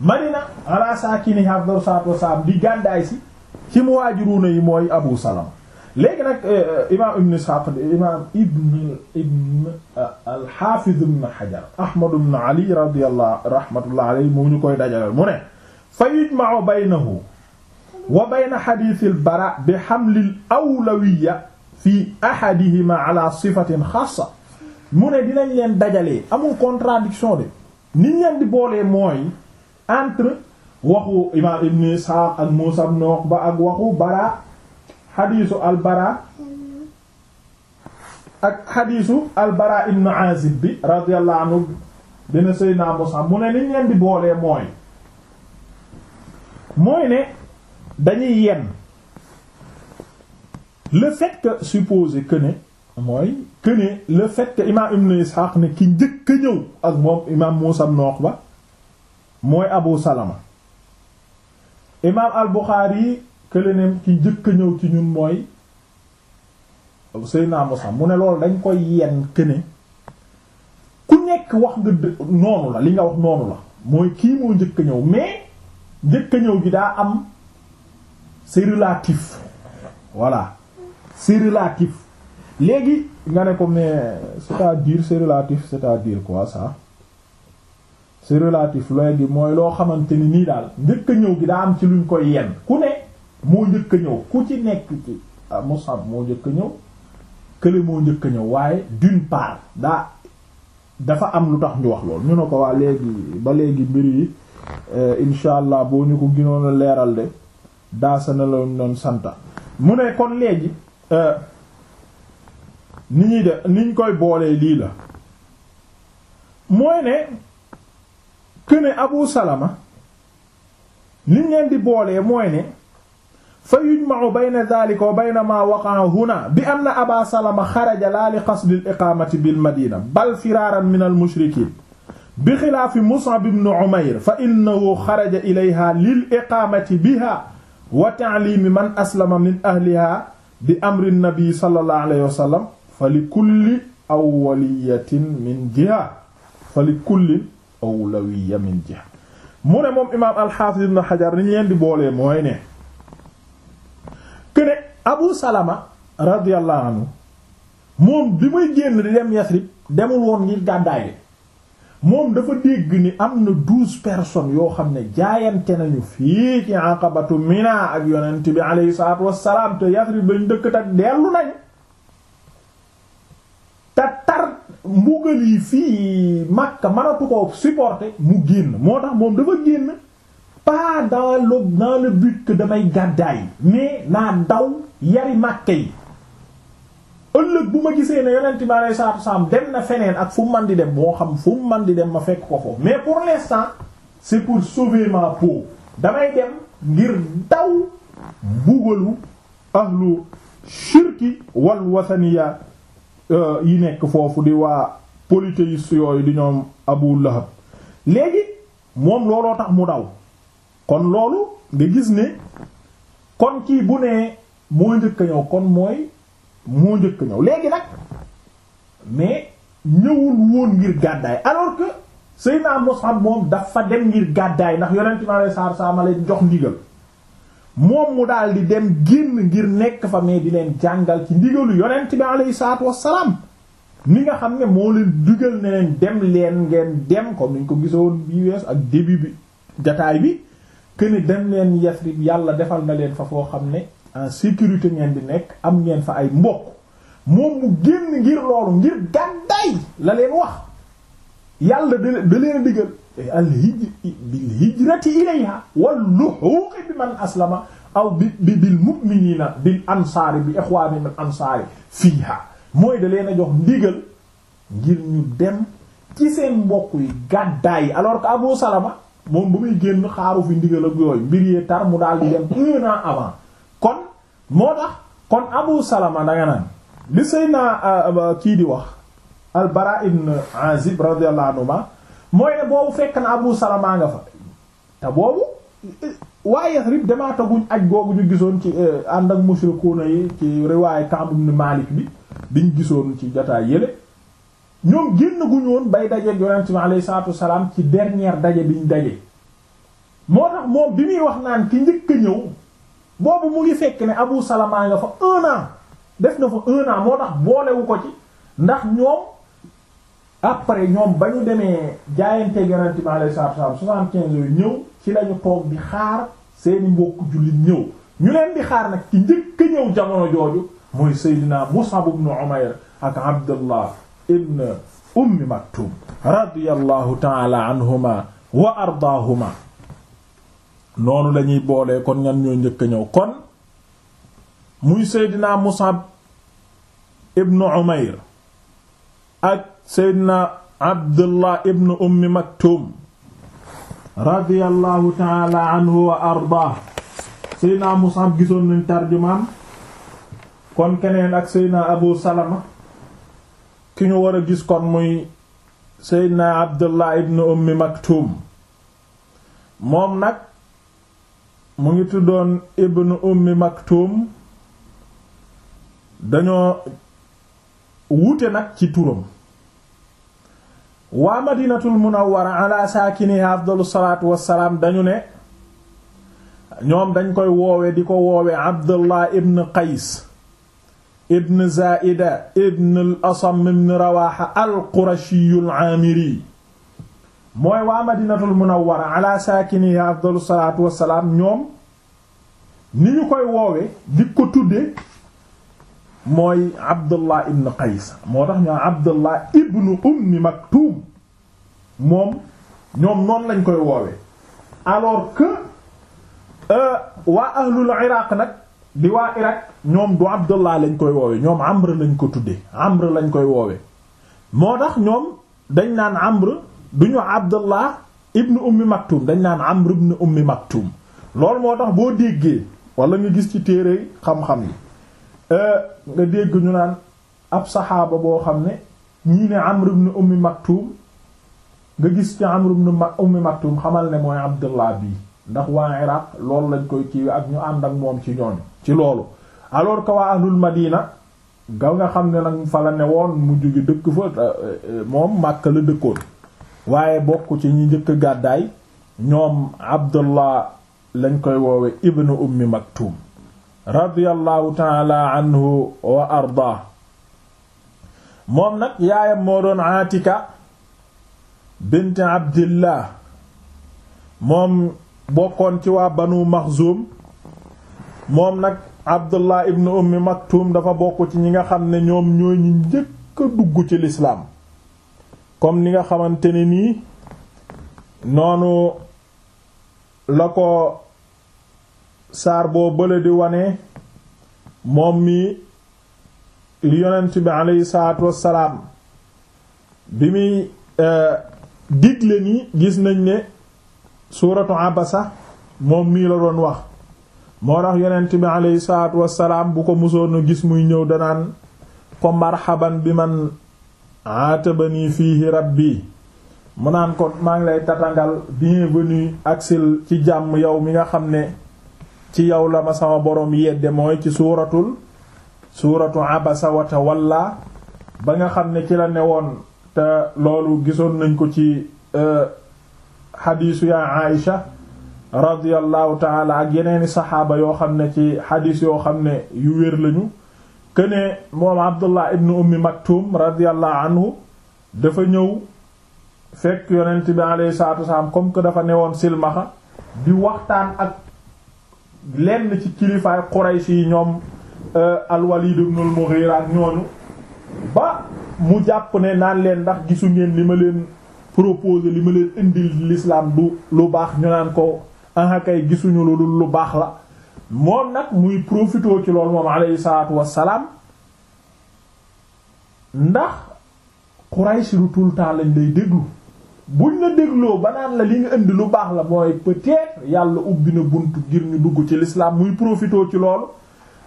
Madina ala saakinihaa afdalu salaatu wassalaam di gàddaay si ci muhaajiruuna yi mooy Abu Salama léegi nag euh, euh, imaam ibn Isxaaq imaam ibn ibn euh, al-Haafiz ibn Hajar Ahmad ibn Ali radiyallahu rahmatullahi alayhi mu ñu koy dajalal mu ne fa yujma'u baynahu wa bayna hadiith al-Baraa bi hamli al-awlawiyya fi ahadihimaa ala sifatin xaassa mu ne dinañ leen dajalee amul contradiction de niñ leen di boolee mooy entre waxu imaam ibn Isxaaq ak Muusaa ibn Uqba ak waxu Baraa xadiisu albara ak xadiisu albara ibn azib bi radiyallahu anhu dina Seydina Mus'ab mu ne liñ leen di boolee mooy mooy ne dañuy yem le fait que supposé mooy que ne le fait que imaam Ibn Ishaq ne ki njëkk a ñëw ak moom imaam Muusaa ibn Uqba mooy Abu Salama imaam al këleneem ki njëkk a ñëw ci ñun mooy Seydina Musa mu ne loolu dañ koy yenn këne ku nekk wax nga dë- noonu la li nga wax noonu la mooy kii moo njëkk a ñëw mais njëkk a gi daa am c'est relatif voilà c'est léegi nga ne ko mais c'est-à-dire c'est relatif c'est-à-dire quoi ça c'est mooy loo xamante ni nii daal njëkk a ñëw gi daa am ci luñ koy yenn ku ne moo njëkk a ñëw ku ci nekk ci ah, Mus'ab moo njëkk a ñëw kële moo njëkk a ñëw waaye d'une part daa dafa am lu tax ñu wax lool ñu ne ko waa léegi ba léegi mbir yi eh, insha allah boo ñu ko ginoon a leeral de daasa na la noon santa mu ne kon léegi eh, ni de niñ koy boolee lii la mooy ne këne Abu Salama niñ leen di boolee mooy ne fa yujma'u bayna dhalika wa bayna ma waqa'a huna bi anna aba salama xaraja la li qasdi al iqamati bil madina bal firaran min al mushrikin bi xilaafi mus'ab ibn umayr fa innahu xaraja ilayha lil iqamati biha wa ta'limi man aslama min ahliha bi amri nabi sallallahu alayhi wa sallam fa li kulli awwaliyatin min jiha fa li kulli awlawiyya min jiha mu ne moom imaam al-hafiz ibn hajar ni ñu leen di boolee mooy ne ne Abu Salama radiyallahu moom bi may génn di dem Yasrib demul woon ngir gàddaay moom dafa dégg ni am na douze personnes yoo xam ne jaayante nañu fii ci aqabatu Mina ak yonent bi alayhi salaatu wassalaam te Yasrib lañ dëkk te dellu nañ te tar mbugal yi fii Makka mënatu ko supporter mu génn moo tax moom dafa génn pas dans le dans le but que damay gàddaay mais naa daw yari màkke yi ëllëg bu ma gisee ne yonent bi alayhi salaatu dem na feneen ak fu man di dem moo xam fu man di dem ma fekk ko foofu mais pour l'instant c'est pour sauver ma peau damay dem ngir daw bugalu ahlu shirki wal wasaniya euh, yi nekk foofu di waa polythéistes yooyu di ñoom Abu Lahab léegi moom looloo tax mu daw kon loolu nga gis ne kon kii bu nee moo njëkk a ñëw kon mooy moo njëkk ñëw léegi nag mais ñëwul woon ngir gàddaay alors que Seydina Mus'ab moom dafa dem ngir gàddaay ndax yonent mi alayhi salaatu salaam a leen jox ndigal moom mu dal di dem génn ngir nekk fa mais di leen jàngal ci ndigalu yonent bi alayhi salaatu wassalaam ni nga xam ne moo leen dugal ne leen dem leen ngeen dem ko niñ ko gisoon bii wees ak début bi jataay bi këni dem leen Yasrib yàlla defal na leen fa foo xam ne en sécurité ngeen di nekk am ngeen fa ay mbokk moom mu génn ngir loolu ngir gàddaay la leen wax yàlla da leen a digal eh, al hij bil hijrati ilayha wal luhuqi bi man aslama aw bi bi bil mu'minina bil ansaari bi ikhwani min ansaari fiiha mooy da leen a jox ndigal ngir ñu dem ci seen mbokk yi gàddaay alors que Abu Salama moom ba muy génn xaaru fi ndigal ak yooyu mbir yee tar mu daal di dem un an avant kon moo tax kon Abu Salama danga naan li sëy naa euh, euh, kii di wax al Bara ibn Azib radiyallahu anhuma mooy ne boobu fekk na Abu Salama nga fa te boobu waaye Yasrib demaataguñ aj googu ñu gisoon ci euh, ànd ak mushrikuuna yi ci riwaaye Ka'b ibn Malik bi biñ gisoon ci jotaay yële ñoom génn gu ñu woon bay daje yonent bi alayhi salaatu ci dernière daje biñ daje moo tax moom bi muy wax naan ki njëkk ñëw boobu mu ngi fekk ne Abu Salama nga fa un def na fa un moo tax boolewu ko ci ndax ñoom après ñoom ba ñu demee jaayante yonent bi alayhi salaatu wasalaam soixante-quinze yooyu ñëw ci lañu toog di xaar seeni mbokk jullit ñëw ñu leen di xaar nag ki njëkk a ñëw jamono jooju mooy Seydina Mus'ab ibn Umayr ak Abdullah ibn ummi maktum radiyallahu taala anhuma wa ardaahuma noonu lañuy boolee kon ñan ñoo njëkk ñëw kon muy seydina musab ibnu umayr ak seydina abdullah ibnu ummi maktum radiyallahu taala anhu wa ardaah seydina musab gisoon nañ tarjumaan kon keneen ak seydina abu salama ki ñu war a gis kon muy seydna abdullah ibn ummi maktum moom nag mu ngi tuddoon ibn ummi maktum dañoo wuute nag ci turam waa madinatul munawwara ala saakini afdalu salaatu wassalaam dañu ne ñoom dañ koy woowe di ko woowe abdullah ibn qays ibn zaida ibn al asam ibn rawaxa al qurashiyu al aamiri mooy waa madinatul munawwara ala saakini ya afdalu salaatu wassalaam ñoom ni ñu koy woowe di ko tudde mooy abdullah ibn qays moo tax ñoo abdullah ibn ummi maktuum moom ñoom noonu lañ koy woowe alors que euh, waa ahlul iraq nag bi waa Irak ñoom du Abdullah lañ koy woowe ñoom Amr lañ ko tudde Amr lañ koy woowe moo tax ñoom dañ naan Amr duñu Abdullah ibnu ummi Maktum dañ naan Amr ibnu ummi Maktum loolu moo tax boo déggee walla nga gis ci téere xam-xam yi euh, nga dégg ñu naan ab saxaaba boo xam ne ñii ne Amr ibnu ummi Maktum nga gis ci Amr ibnu ummi Maktum xamal ne mooy Abdullah bii ndax waa iraq loolu lañ koy kiiwe ak ñu ànd ak moom ci ñooñu ci loolu alors que waa ahlul madina ga nga xam ne nag fa la ne woon mu jóge dëkk fa euh, euh, moom Makka la dëkkoon waaye bokk ci ñu njëkk gàddaay ñoom abdullah lañ koy woowe ibnu ummi maktum radiyallahu taala anhu wa ardaa moom nag yaayam moo doon aatika bint abdillah moom bokkoon ci waa banu maxzuum moom nag abdullah ibn ummi maktum dafa bokk ci ñi nga xam ne ñoom ñooy ñi njëkk dugg ci lislaam comme ni nga xamante ne nii noonu la ko saar boo bële di wane moom mi li yonent bi aleyhi salaatu wassalaam bi muy eh, digle ni gis nañ ne suuratu abasa moom mii la doon wax moo tax yonent bi aleyhi salaatu bu ko musoon a gis muy ñëw danaan ko marhaban bi man atabani fiihi rabbi mu naan ko maa ngi lay tatangal bienvenue aksil ci jàmm yow mi nga xam ne ci yow la ma sama borom yedde mooy ci suuratul suuratu abasa wa tawalla ba nga xam ne ci la ne woon te loolu gisoon nañ ko ci euh, xadiisu yaa Aïcha radiyallahu taala ak yeneeni saxaaba yoo xam ne ci xadiis yoo xam ne yu wér lañu këne moom Abdullah ibn Ummi Maktum radiyallahu anhu dafa ñëw fekk yonent bi alayhi salaatu wasalaam comme que dafa ne woon silmaxa di waxtaan ak lenn ci kilifaay Quraysh yi ñoom euh, al-Walid mughira ak ñooñu ba mu jàpp ne naan leen ndax gisu ngeen li ma leen proposer li ma leen indi lislaam du lu baax ñu naan ko ah kay gisuñu lu dul lu baax la moom nag muy profitoo ci loolu moom alayhi salaatu wassalaam ndax Quraysh lu tout le lañ lay déglu buñ la dégloo ba naan la li nga indi lu baax la mooy peut yàlla ubbi na bunt ngir ñu dugg ci lislaam muy profitoo ci loolu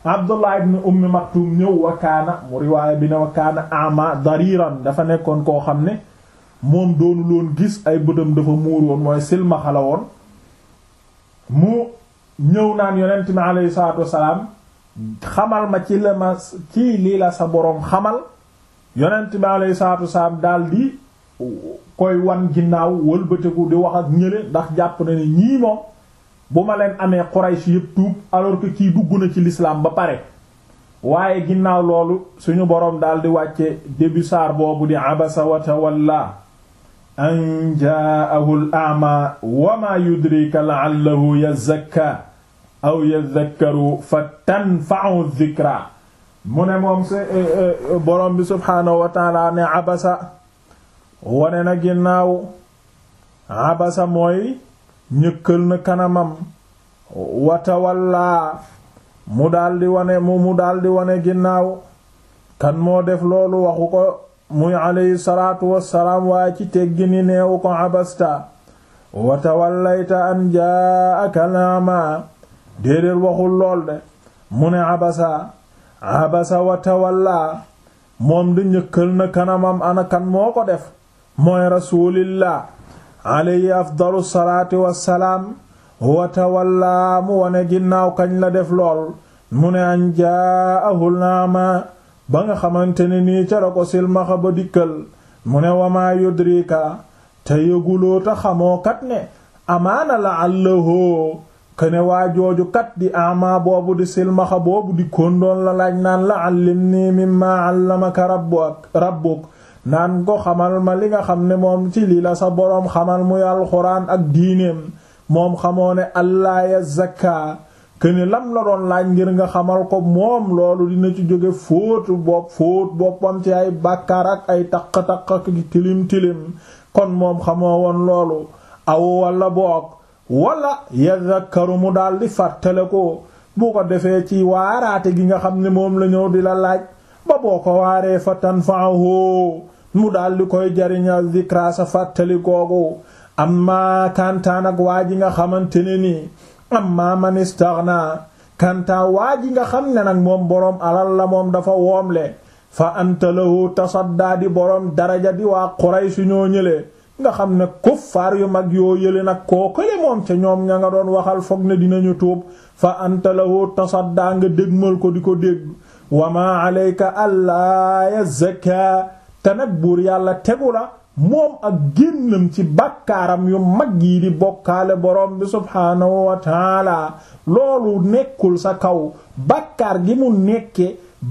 Abdullah ibn Ummi Maktum ñëw wa kaana mu riwaaya bi ne wa kaana ama dariran dafa nekkoon koo xam ne moom doonul woon gis ay bëtam dafa muur mooy silmaxa la woon mu ñëw naan yonent mi alayhi xamal ma ci la ma ci lii la sa boroom xamal yonent mi alayhi salaatu daldi koy wan ginnaaw wëlbatiku di wax ak ñële ndax jàpp na ne ñii bu ma leen amee Quraysh yépp tuub alors que dugg na ci lislaam ba pare waaye ginnaaw loolu suñu boroom daldi wàcce début saar boobu di abasa wa tawalla an jaa'ahu al-a'maa wa maa yudrika la'allahu yazakkaa aw yazakkaru fatanfa'u dhikraa mu ne moom si eh, eh, borom bi subhaanahu wa ne abasa wane na ginnaaw abasa mooy ñëkkal na kanamam watawallaa mu daldi wane mu mu daldi wane ginnaaw kan moo def loolu waxu ko muy alayhi salaatu wassalaam waaye ci teggini neewu ko abasta wa tawallayta an jaa'aka al-a'maa déedéel waxul lool de mu ne abasa abasa wa moom di ñëkkal na kanamam ana kan moo ko def mooy rasulillah alayhi afdalu salaati wassalaam wa mu wone ginnaaw kañ la def lool mu ne an jaa'ahu al-a'maa ba nga xamante ne nii ca la ko silmaxa ba dikkal mu ne wamaa yudrika te yëguloo te xamoo kat ne amaana la àllahoo kene waa jooju kat di ama boobu di silmaxa boobu di kondoon la laaj naan la allim nii mimma allamaka rabbuk rabbuk naan ko xamal ma li nga xam ne moom ci lii la sa boroom xamal muy alxuraan ak diineem moom xamoo ne allaa yazakka këne lam la doon laaj ngir nga xamal ko moom loolu dina ci jóge fóotu bopp fóot boppam ci ay bàkkaar ak ay taq-taq ak tilim tilim kon moom xamoo woon loolu aw walla boog walla yadhakkaru mu daal di fàttale ko bu ko defee ci waaraate gi nga xam ne moom la ñëw di la laaj ba boo ko waaree fa tanfa'uhu mu daal di koy jariña di sa fàttali googu amma kantaan ak waa ji nga xamante ne nii amma man istaghna waa ji nga xam ne nag moom boroom alal la moom dafa woomle fa anta lahu tasaddaa di boroom daraja di waa Quraysh ñoo ñële nga xam ne far yu mag yoo yële nag kookale moom ca ñoom ña nga doon waxal foog ne dinañu tuub fa anta lahu tasaddaa nga dégmal ko di ko dégg wa ma alayka allaa yazakka te nag buur yàlla tegu la moom ak génnam ci bàkkaaram yu mag yi di bokkaale borom bi subhaanahu wa loolu nekkul sa kaw bàkkaar gi mu nekke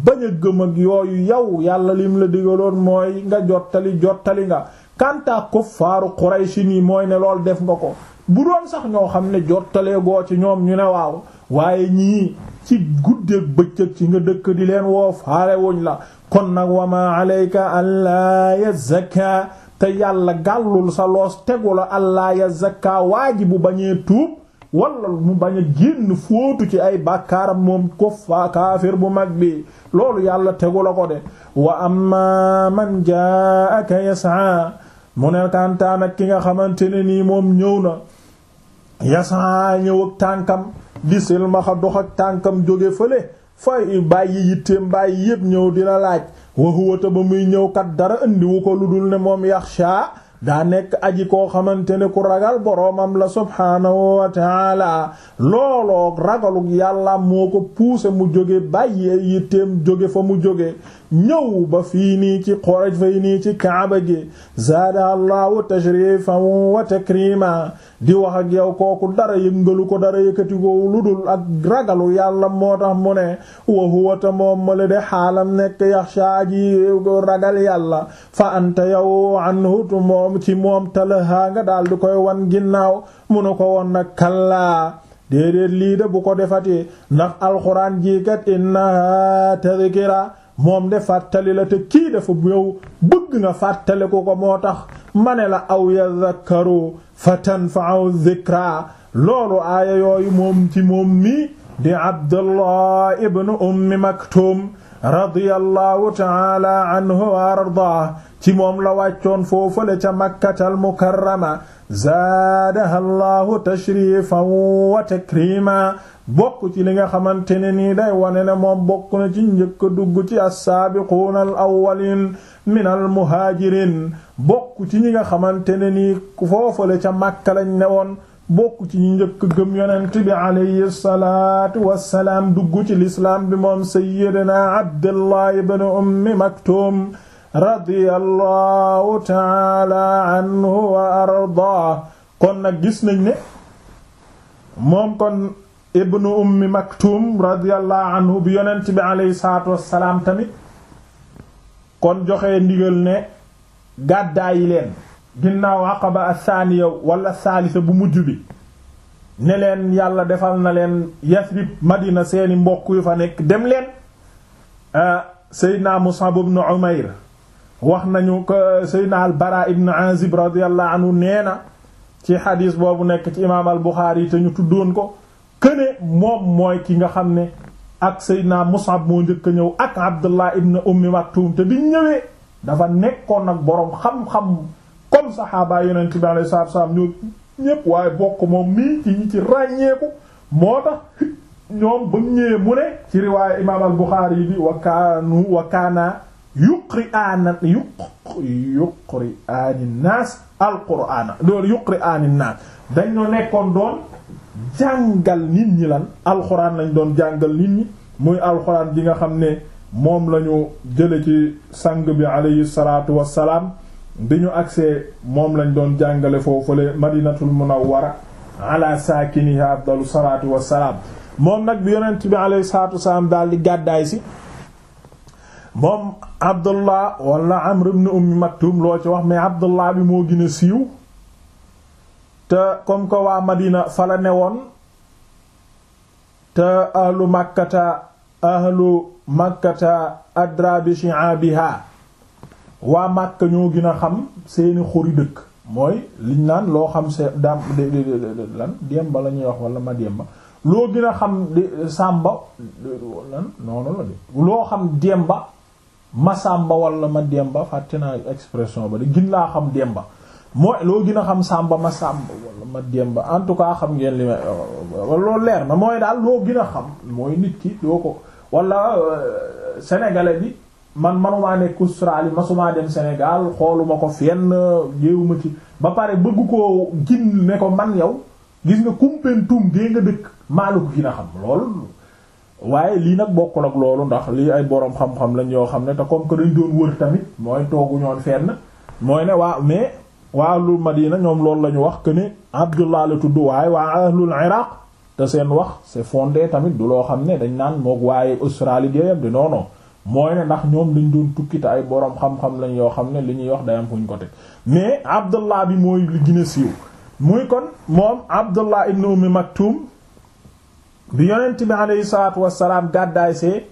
bañ a gëm yooyu yow yàlla lim la digaloon mooy nga jottali jottali nga kanta kuffaaru Quraysh nii mooy ne lool def nga ko bu doon sax ñoo xam ne jottalee goo ci ñoom ñu ne waaw waaye ñii ci guddeeg bëccëg ci nga dëkk di leen woo faale wuñ la kon nag wa ma alayka alla yazakka te yàlla gàllul sa loos tegu la allah ya zakka waaji bu bañee tuub wala mu bañ a génn fóotu ci ay bàkkaaram moom ko kaafir bu mag bi loolu yàlla tegu la ko de wa amma man jaaka yas'a mu ne tàntaan ak ki nga xamante ne nii moom ñëw na yas'a ñëw tànkam di silmaxa dox ak tànkam jóge fële fay bàyyi yitteem bàyyi yépp ñëw dina laaj wa huwa ba muy ñëw kat dara indiwu ko lu dul ne moom yaxsha daa nekk aji koo xamante ne ku ragal boromam la subhaanahu wa taala looloo ragaluk yàlla moo ko puuse mu jóge bàyyee yitteem jóge fa mu jóge ñëw ba fii nii ci xoraj fay nii kaaba gi zaada allahu tashrifan wa takrima di wax ak yow kooku dara yëngalu ko dara yëkkatikow lu dul ak ragalu yàlla moo tax mu ne wa huwa ta moom mala de xaalam nekk yaxsha ragal yàlla fa anta yow anhu moom ci moom talaha nga di koy wan ginnaaw mu ne ko woon nag kallaa déedéet lii de bu ko defati ndax alxuraan ji kat innaha tadhkira moom de fàttali la te kii defu ñëw bëgg nga fàttali ko ko moo tax ma ne la aw yadhakkaru fa tanfa'u dhikra loolu aaya yooyu moom ci moom mi di Abdullah ibn Ummi Maktum radiyallahu taala anhu wa ardaa ci moom la wàccoon foofale ca makkatal mukarrama zaadaha allahu tashrifan wa takrima bokk ci li nga xamante ne nii day wane ne moom bokk na ci njëkk a dugg ci assaabiquuna al awwalin min al muhaajiriin ci ñi nga xamante ne nii foofale ca makka lañ newoon bokk ci ñu njëkk gëm yonent bi alayhi salaatu wassalaam dugg ci lislaam bi moom sayyidina abdullah ibn ummi maktum radiyallahu taala anhu wa arda kon nag gis nañ ne moom kon ibnu ummi maktum radiyallahu anhu bi yonent bi alayhi salaatu wassalaam tamit kon joxe ndigal ne gàddaayi leen ginnaaw aqaba asaaniya wala saalisa bu mujj bi ne leen yàlla defal na leen Yasrib Madina seeni mbokk yu fa nekk dem leen ah, Seydina Mus'ab ibn Umayr wax nañu ko Seydina al Bara ibn Azib radiyallahu anhu nee na ci xadiis boobu nekk ci imaam al Buxaari te ñu tuddoon ko këne moom mooy ki nga xam ne ak Seydina Mus'ab moo njëkk ñëw ak Abdullah ibn Ummi Maktum te bi ñëwee dafa nekkoon ak boroom xam-xam comme saxaaba yonent bi alayhi salaatu salaam ñoo ñépp waaye bokk moom nii ci ñi ci ràññeeku moo tax ñoom ba ñëwee ne ci riwaayu imaam al Buxaari bi wa kaanu yuqri aana yuqri aani naas alqur'aana loolu yuqri aani dañ ñoo nekkoon doon jàngal nit ñi lan alxuraan lañ doon jàngal nit ñi muy alxuraan ji nga xam ne moom lañu jële ci sang bi alayhi salaatu wassalaam bi ñu agsee moom lañ doon jàngale foofule madinatul munawwara ala saakiniha afdalu salaatu wassalaam moom nag bi yonent bi alayhi salaatu wassalaam daal di gàddaay si moom abdullah wala amr ibn ummi loo ci wax mais abdullah bi moo gën a siiw te comme que waa madina fa la newoon te ahlu makkata ahlu makkata adra bi waa Màkka ñoo gin a xam seeni xori dëkk mooy liñ naan loo xam se dam lan Demba la ñuy wax wala Mademba loo gën a xam Sàmba lan noonu la de loo xam Demba Masamba wala Mademba fàtte naa expression ba de gin laa xam Demba mooy loo gën a xam Sàmba Masamba wala Mademba en tout cas xam ngeen li may loolu leer na mooy daal loo gën a xam mooy nit ki doo ko wala euh, sénégalais bi. man manumaa nekk Australie masumaa dem Sénégal xooluma ko fenn jéewuma ci ba pare bëgg ko gin ne ko man yow gis nga Koumpentoum gée nga dëkk maalo ko gën a xam loolu waaye lii nag bokkul ak loolu ndax li ay borom xam-xam lañ yoo xam ne te comme ko dañ doon wër tamit mooy toogu ñoon fenn mooy ne waa mais waa ahlul Madina ñoom loolu la ñu wax que ni Abdullah la tudd waaye waa ahlul Iraq te seen wax c'est fonde tamit du loo xam ne dañ naan mook waaye Australie di non mooy ne ndax ñoom luñ doon tukki ay boroom xam-xam lañ yoo xam ne li ñuy wax day am ñu ko teg mais abdullah bi mooy li gën siiw muy kon moom abdullah ibn ummi maktum bi yonent bi aleyhi salaatu wassalaam gàddaay see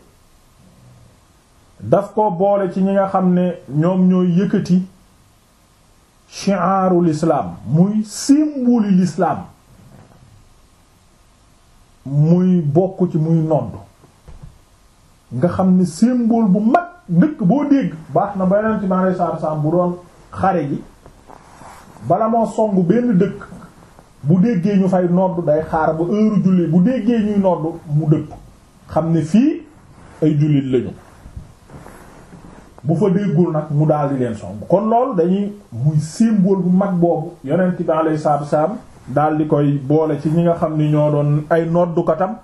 daf ko boole ci ñi nga xam ne ñoom ñooy yëkkati shi'aarul islaam muy symbole lislaam muy bokk ci muy nodd nga xam ne symbole bu mag dëkk boo dégg baax na ba yonent bi alayhi salaatu salaam bu doon xare ji bala moo song benn dëkk bu déggee ñu fay nodd day xaar ba heure julli bu déggee ñuy nodd mu dëpp xam ne fii ay jullit lañu bu fa déggul nag mu daal di leen song kon loolu dañuy muy symbole bu mag boobu yonent bi alayhi salaatu salaam daal di koy boole ci ñi nga xam ni ñoo doon ay noddukatam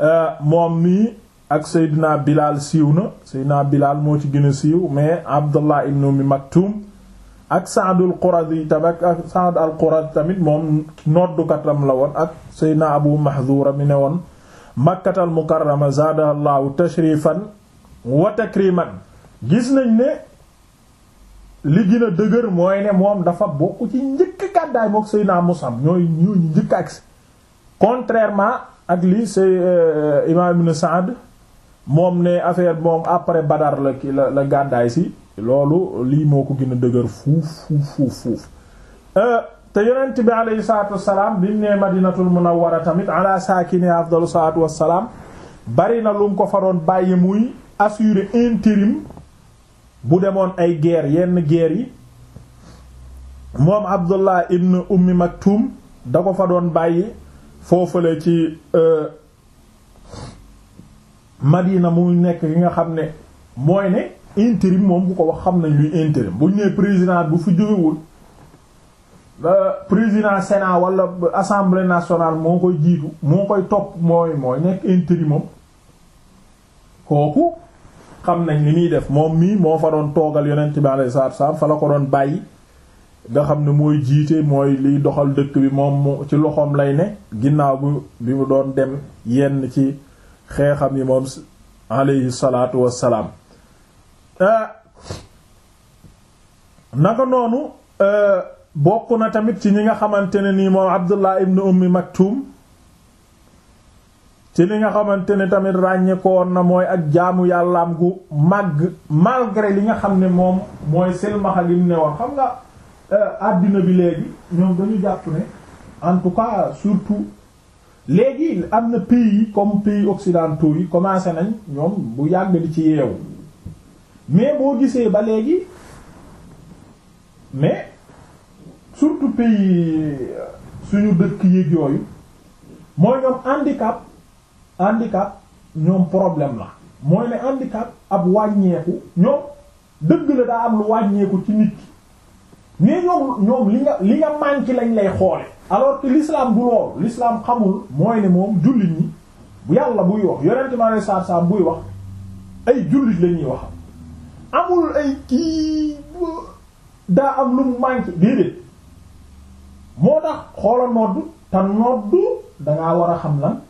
euh, moom nii ak Seydina Bilal siiw na Seydina Bilal moo ci gën a siiw mais Abdullah ibn Ummi Maktum ak Saad al Quradi tamit moom noddukatam la woon ak Seydina Abu Mahdura mi ne woon Makkatal Mukarrama zaadaha Allahu tashrifan wa gis nañ ne li gën a dëgër mooy ne moom dafa bokk ci njëkk gàddaay mook Seydina Musab ñooy ñooy njëkk agsi contrairement ak li say euh, Imam Ibn Saad moom ne affaire moom après Badar la ki la la gàndaay si loolu lii moo ko gën a dëgër fuuf fuuf fuuf fuuf euh, te yonent bi aleyhi salatu wasalaam bi mu a madinatul munawwara tamit ala saakini afdalu wasalaam bari na lu mu ko fa doon bàyyi muy assurer intérim bu demoon ay guerre yenn guerre yi moom Abdullah ibn Ummi Maktum da ko fa doon bàyyi la ci euh, Madina mu nekk yi nga xam ne mooy ne intérim moom bu ko wax xam nañ luy intérim ñu nee président bu fi jógewul président Sénat wala assemblée nationale moo koy jiitu moo koy topp mooy mooy moom kooku xam nañ li muy def moom mii moo fa doon toogal yonent bi alayhi salaatu wasallam fa la ko doon bàyyi nga xam ne mooy jiite mooy liy doxal dëkk bi moom ci loxoom lay ne ginnaaw bi bi doon dem yenn ci xeexam yi moom alayhi salaatu wassalaam ah, naka noonu eh, bokk na tamit ci ñi nga xamante ne nii moom Abdullah ibn Ummi Maktum ci li nga xamante ne tamit ràññeekoon na mooy ak jaamu yàllaam gu màgg malgré li nga xam ne moom mooy selmaxa gi ne wax xam nga eh, àddina bi léegi ñoom dañu jàpp ne en tout cas surtout léegi am na pays yi comme pays occidentaux yi commencé nañ ñoom bu yàgg li ci yeewu mais boo gisee ba léegi mais surtout pays euh, suñu dëkk yéeg yooyu mooy ñoom handicap handicap ñoom problème la mooy ne handicap ab wàññeeku ñoom dëgg la daa am lu wàññeeku ci nit ki mais ñoom ñoom li nga li nga manqué lañ lay xoole alors que l'islam du loolu l'islam xamul mooy ne moom jullit ñi bu yàlla buy wax yonent ma ne saab saab buy wax ay jullit la ñuy wax amul ay kii daa am lu mu manqué déedéet moo tax xoola nodd te nodd dangaa war a xam lan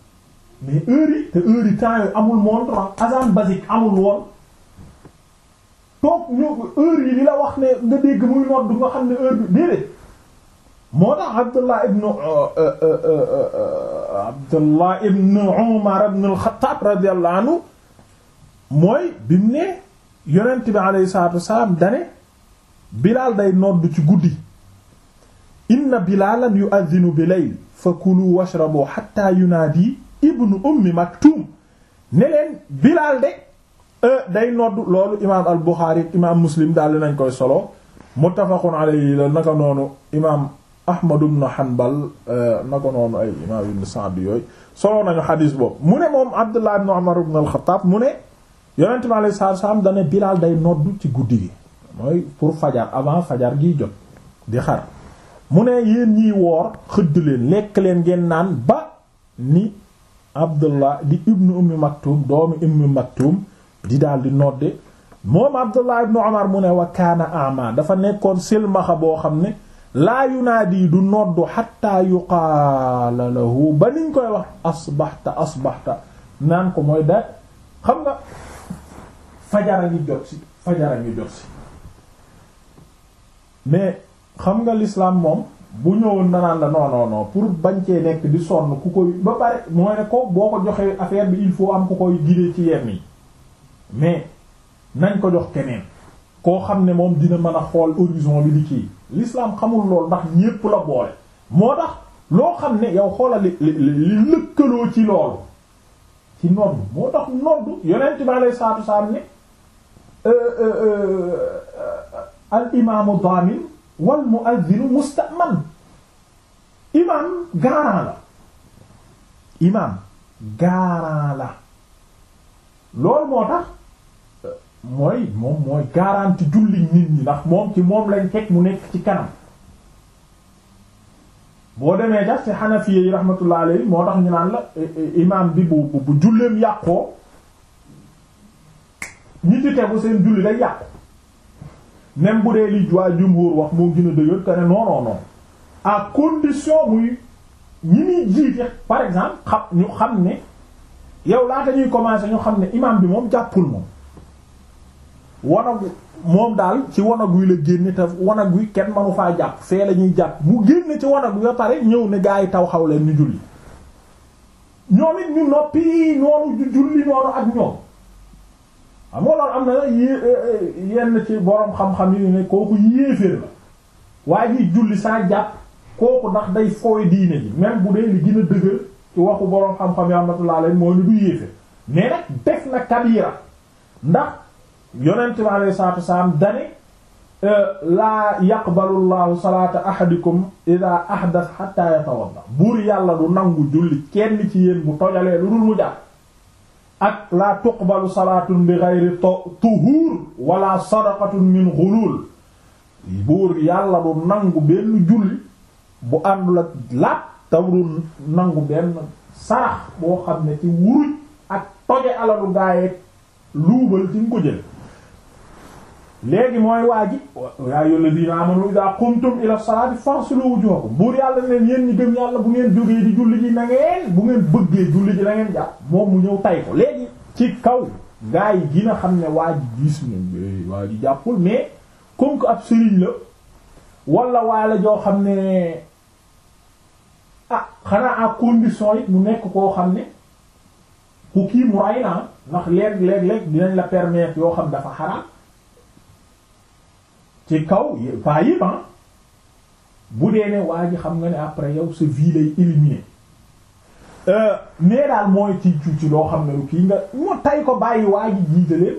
mais heure yi te heure yi temps yooyu amul montre azan basique amul woon toog ñu heure li la wax ne nga dégg muy nodd nga xam ne heure bi déedéet moo tax Abdullah ibn uh, uh, uh, Abdullah ibn Umar ibn al-Khattab radiyallahu anhu mooy bi mu ne yonent bi alayhi salaatu wasalaam dane Bilaal day nodd ci guddi inna Bilaalan yu'adhinu bi layl fakulu washrabu hatta yunaadi ibnu ummi Maktum ne leen Bilaal de day nodd loolu imaam al Buxaari imaam Muslim daal nañ koy solo muttafaqun alayhi la naka noonu imaam Ahmad ibn Hanbal euh, nako noonu ay imaam ibn Sa'd yooyu solo nañu xadiis boobu mu ne moom Abdullah ibn Umar ibn al-Khattab mu ne yonent bi Bilaal day nodd ci guddi mooy pour fajar avant fajar giy jot di ne yéen ñiy woor xëdd leen lekk leen ngeen naan ba ni Abdullah di ibnu Ummi Maktum di daal di nodde moom Abdullah ibn Umar mu ne wa kaana dafa nekkoon silmaxa boo xam ne laa yunaadi du noddu xatta yuqaala lahu ba niñ koy wax asbaxta asbaxta naan ko mooy da xam nga fajara ngi jot si fajara ngi jot si mais xam nga lislaam moom bu ñëwoon danaan la non pour bañ cee nekk di sonn ku koy ba pare mooy ne boo ko joxee affaire bi il faut am ku koy guider ci yenn yi mais nañ ko jox keneen koo xam ne moom dina mën a xool horizon bi di kii l'islam xamul lool ndax ñépp la boole moo tax loo xam ne yow xoolal li li lëkkaloo ci loolu ci nodd moo tax nodd yonent bi alayhi salaatu salaam ne euh, euh, euh, al imaamu daamin wal mu'adhdhinu musta'man imaam garant la imaam garant la loolu moo tax mooy moom mooy garanti julli nit ñi ndax moom ci moom lañ teg mu nekk ci kanam boo demee jax ci xanafiya yi rahmatullah alayhi moo tax ñu naan la eh, eh, imam bi bu bu julleem yàqoo ñi ci tegu seen julli day yàqu même bu dee li waa jumhur wax moo gën a dëgër que ne non non non condition muy ñi muy jiite par exemple xam ñu xam ne yow laata ñuy commencer ñu xam ne imam bi moom jàppul moom wanagu moom daal ci wanag wi la génne te wanag wi kenn manu faa jàpp fee la ñuy jàpp mu génne ci wanag wi ba pare ñëw ne gaa yi taw xaw leen ñu julli ñoom it ñu noppi noonu julli noonu ak ñoom xam nga loolu am na ye eh, eh, yenn ci borom xam-xam yi ne kooku yéeféer la waaye julli saa jàpp kooku ndax day fooy diine ji même bu dee li gën a dëgër ci waxu borom xam-xam yi rahmatullah alayhi moo ni du yéeféer mais nag def na kabira ndax yonent bi alayhi salaatu wasalaam dane e, laa yaqbalu llahu salaata ahadikum ida ahdas hatta yatawadda buur yàlla du nangu julli kenn ci yéen bu tojalee lu dul mu jàpp ak laa tuqbalu salaatun bi ghayri tuhuur wala sadaqatun min ghulul buur yàlla du nangu benn julli bu àndul ak laat tawru nangu benn sarax boo xam ne ci wuruj ak toje alalu gaayeeg luubal ci nga léegi mooy waa ji yaa ayyuhal lazina amanu idha qumtum ila salati fasilu wujuhakum buur yàlla ne leen yéen ñi gëm yàlla bu ngeen jógee di julli ji na ngeen bu ngeen bëggee julli ji na ngeen jàpp moom mu ñëw tay ko léegi ci kaw gaa yi gina xam ne waa ji gis moom eh, waa ji jàppul mais comme que ab sëriñ la wala waa la joo xam ne ah xanaa à condition it mu nekk koo xam ne ku kii mu ay naa ndax léeg-léeg dinañ la permettre yoo xam dafa xaraam ci kaw pas yëpp bu dee ne waa ji xam nga ne après yow sa vie lay éliminer euh, mais daal mooy ci ci loo xam ne lu kii nga moo tay ko bàyyi waa ji jiite leen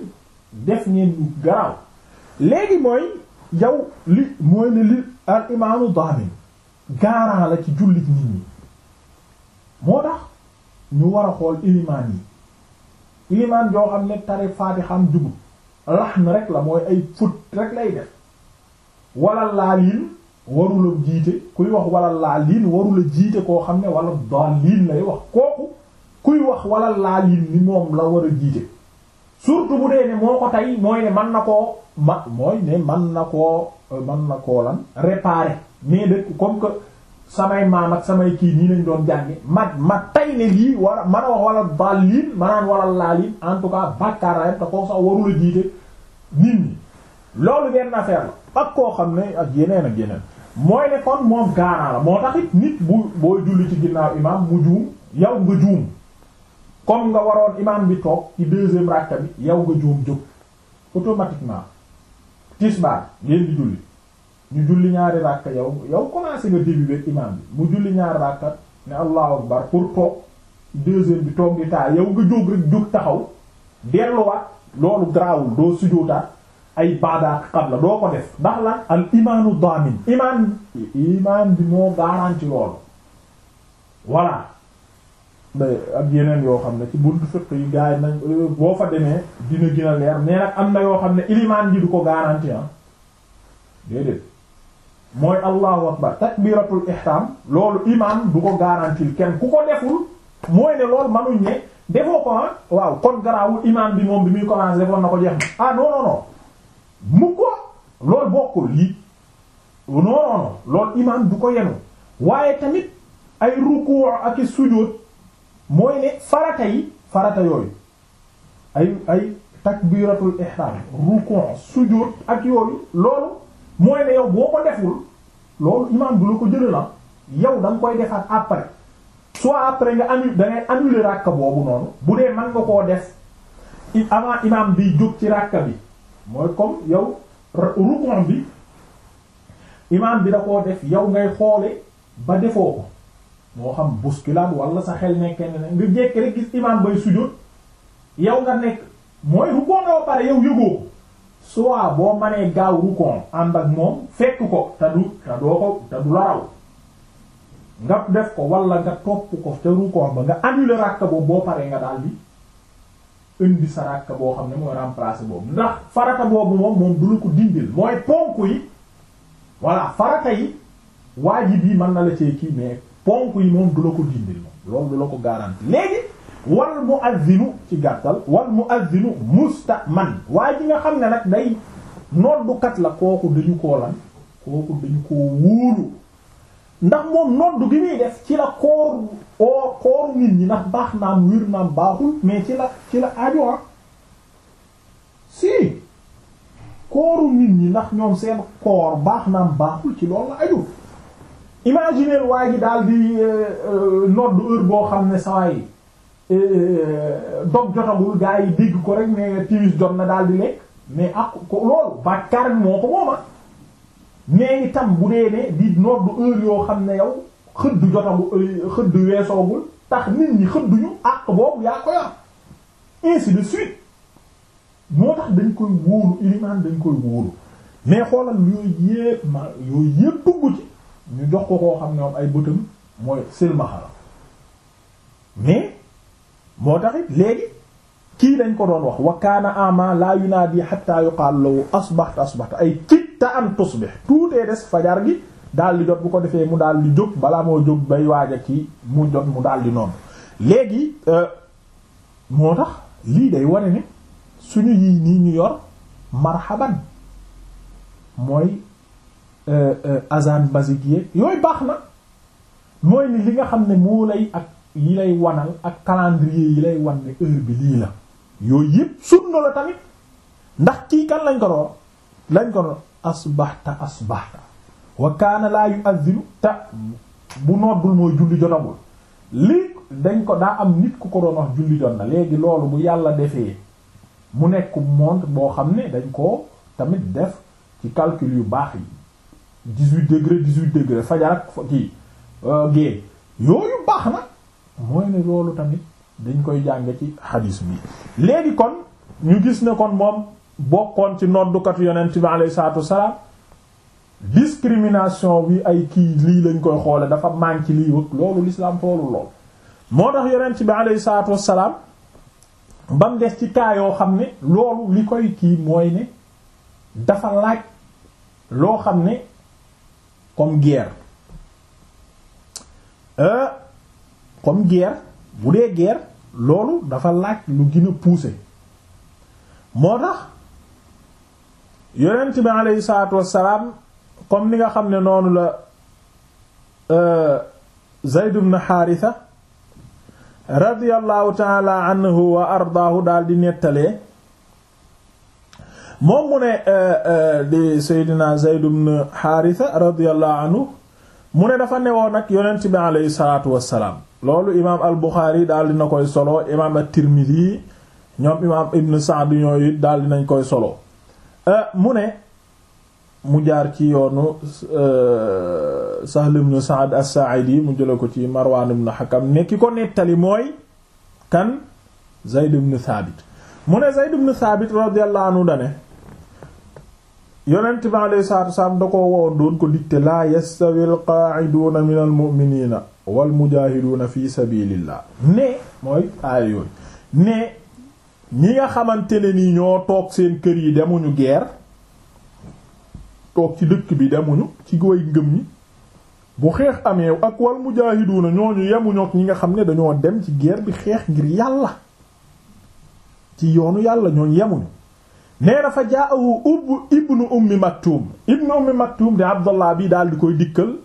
def ngeen lu garaaw léegi mooy yow li mooy ne li al imaamu daamin garant la ci jullit nit ñi moo tax ñu war a xool ilimaan yi ilimaan joo xam ne tari faati xam jubut laxn rek la mooy ay fut rek lay def wala laaliin warula jiite kuy wax wala laaliin warula jiite koo xam ne wala daaliin lay wax kooku kuy wax wala laaliin ni moom la war a jiite surtout bu dee ne moo ko tey mooy ne mën na koo ma mooy ne man na koo euh, mën na koo lan réparer mais de comme que samay maam samay kii nii lañ doon jànge ma ma tay ne lii war a wax wala daaliin manaan wala laaliin en tout cas bàkkaar la te koo sax warula jiite nit ñi loolu benn affaire la ak koo xam ne ak yeneen ak yeneen mooy ne kon moom gaanaa la moo tax nit bu boo julli ci ginnaaw imaam mu juum yow nga juum kon nga waroon imaam bi toog ci deuxième rakka bi yow nga juum jóg automatiquement tisbaar ngeen di julli ñu julli ñaari rakka yow yow commencé nga début imaam bi mu julli ñaari rakka ne allahu akbar pour toog deuxième bi toog di taa yow nga jóg rek jóg taxaw delluwaat loolu garaawul doo sujjóotaat ay baadaat qabla doo ko def ndax la al imaanu daamin imaan imaan bi moo garanti loolu voilà ak yeneen yoo xam ne ci buntu fiq yi gars yi nañ boo fa demee dina gën leer mais am na yoo xam ne ilimaan ji du ko garanti ah déedéet mooy allahu akbar takbiratul ihram loolu imaan du ko garantil kenn ku ko deful mooy ne loolu manuñ ne defoo ko ah waaw kon garaawul imaan bi moom bi muy commencé defoon na ko jeex na ah non non mu ko loolu bokkul yi non non loolu imaam du ko yenu waaye tamit ay ruku ak sujud mooy ne farata yi farata yooyu ay ay takbiratul ihram ruku sujud ak yooyu loolu mooy ne yow boo ko deful loolu imaam du la ko jëlee la ah. yow da koy defaat après soit après nga annu da ngay annuler boobu noonu bu dee mën nga koo def avant imaam bi jóg ci ràkka bi. mooy comme yow rukon bi imaam bi da koo def yow ngay xoole ba defoo ko moo xam bousculade wala sa xel nekkee ne nga jékki rek gis imaam bay sujjóot yow nga nekk mooy rukon nga ba pare yow yëgoo ko soit boo mënee gaaw rukon ànd ak moom fekk ko te du te doo ko te du la nga def ko wala nga topp ko te rukon ba nga annuler ràkk boobu boo paree nga daal bi indi sa rakka boo xam ne mooy remplacer boobu ndax farata boobu moom moom du la ko dindil mooy ponk yi voilà farata yi waajib yi mën na la cee kii mais ponk yi moom du la ko dindil moom loolu du la ko garanti léegi wal muazzinu ci gàttal wal muazzinu mustaman waa ji nga xam ne nag day noddukat la kooku dañu koo lan kooku dañu koo wóolu ndax moom nodd bi muy def ci la koor oo kooru nit ñi ndax baax naam wir naam baaxul mais ci la ci la ajowa ah. si kooru nit ñi ndax ñoom seen koor baax naam baaxul ci loolu la aju imaginer waa ji daal di euh, euh, nodd heure boo xam ne saa yi euh, dog jotagul gaa yi dégg ko rek mais tiwis jot na daal lekk mais ak ko loolu bàkkaar moo ko mooma ah. mais itam bu dee ne di noddu heure yoo xam ne yow xëdd jotagu euh, xëdd weesoogul tax nit ñi xëdduñu àq boobu yaa ko yor ainsi de suite moo tax dañ koy wóolu ilimaan dañ koy wóolu mais xoolal yooyu yépp ma yooyu yépp dugg ci ñu jox ko koo xam ne moom ay bëtam mooy silmaxara mais moo taxit it kii dañ ko doon wax wa kaana ama la yunaadi hatta yuqaal lahu asbahta asbahta ay kitta an tusbih tuutee des fajar gi daal di jot bu ko defee mu daal di jóg balaa moo jóg bay waaj ci mu jot mu daal di noonu léegi euh, moo tax lii day wane suñu yii nii ñu yor marhaban mooy euh, euh, azan basique yooyu baax na mooy ni li nga xam ne moo lay ak yi lay wanal ak calendrier yi lay wan ne heure bi lii la yooyu yëpp sunna la tamit ndax kii kan lañ ko doon lañ ko doon asbaxta asbaxta wa kaana laa yu azinu te bu noddul mooy julli jotagul lii dañ ko daa am nit ku ko doon wax julli jot na léegi loolu bu yàlla defee mu nekk montre boo xam ne dañ ko tamit def ci calcule yu baax yi dix-huit degré dix-huit degré fajar ak kii euh, yooyu baax na mooy ne loolu tamit dañ koy jàng ci xadiis bi léegi kon ñu gis ne kon moom bokkoon ci noddukatu yonent bi alayhi salaatu wassalaam discrimination bi ay kii lii lañ koy xoole dafa manque lii wëg loolu l'islam toolu lool moo tax yonent bi alayhi salaatu wassalaam ba des ci kaa yoo xam ne loolu li koy kii mooy ne dafa laaj loo xam ne comme guerre euh, comme guerre bu dee guerre loolu dafa laaj lu gën a poussé moo tax yonent bi aleyhi salaatu wassalaam comme ni nga xam ne noonu la euh, Zayd ibn Haritha radiyallahu taala anhu wa ardaahu daal di nettalee moom mu ne euh, euh, di Seydina Zayd ibn Haritha radiyallahu anhu mu ne dafa newoon nag yonent bi aleyhi salaatu wassalaam loolu imaam al Buxaari daal dina koy solo imaam at-Tirmidhi ñoom imaam Ibn Sa'd ñooyu daal dinañ koy solo euh, mu ne mu jaar ci yoonu euh, Sahl ibn Sa'd as-Saa'idi mu jële ko ci Marwaan ibn Hakam ne ko nettali mooy kan Zayd ibn Thabit mu ne Zayd ibn Thabit radiyallahu anhu dane yonent bi alayhi salaatu wa da ko woo doon ko dicté laa yastawi al-qaa'iduuna minal mu'miniina wal mujaahiduuna fi sabilillah ne mooy aaya yooyu ne ñi nga xamante ne ni ñoo toog seen kër yi demuñu guerre toog ci dëkk bi demuñu ci goy ngëm ñi bu xeex amee ak wal mujaahiduuna ñooñu yemuñu ak ñi nga xam ne dañoo dem ci guerre bi xeex ngir yàlla ci yoonu yàlla ñooñu yemuñu nee na fa jaa ahu ubb ibnu ummi maktuum ibnu ummi maktuum de abdallah bi daal di koy dikkal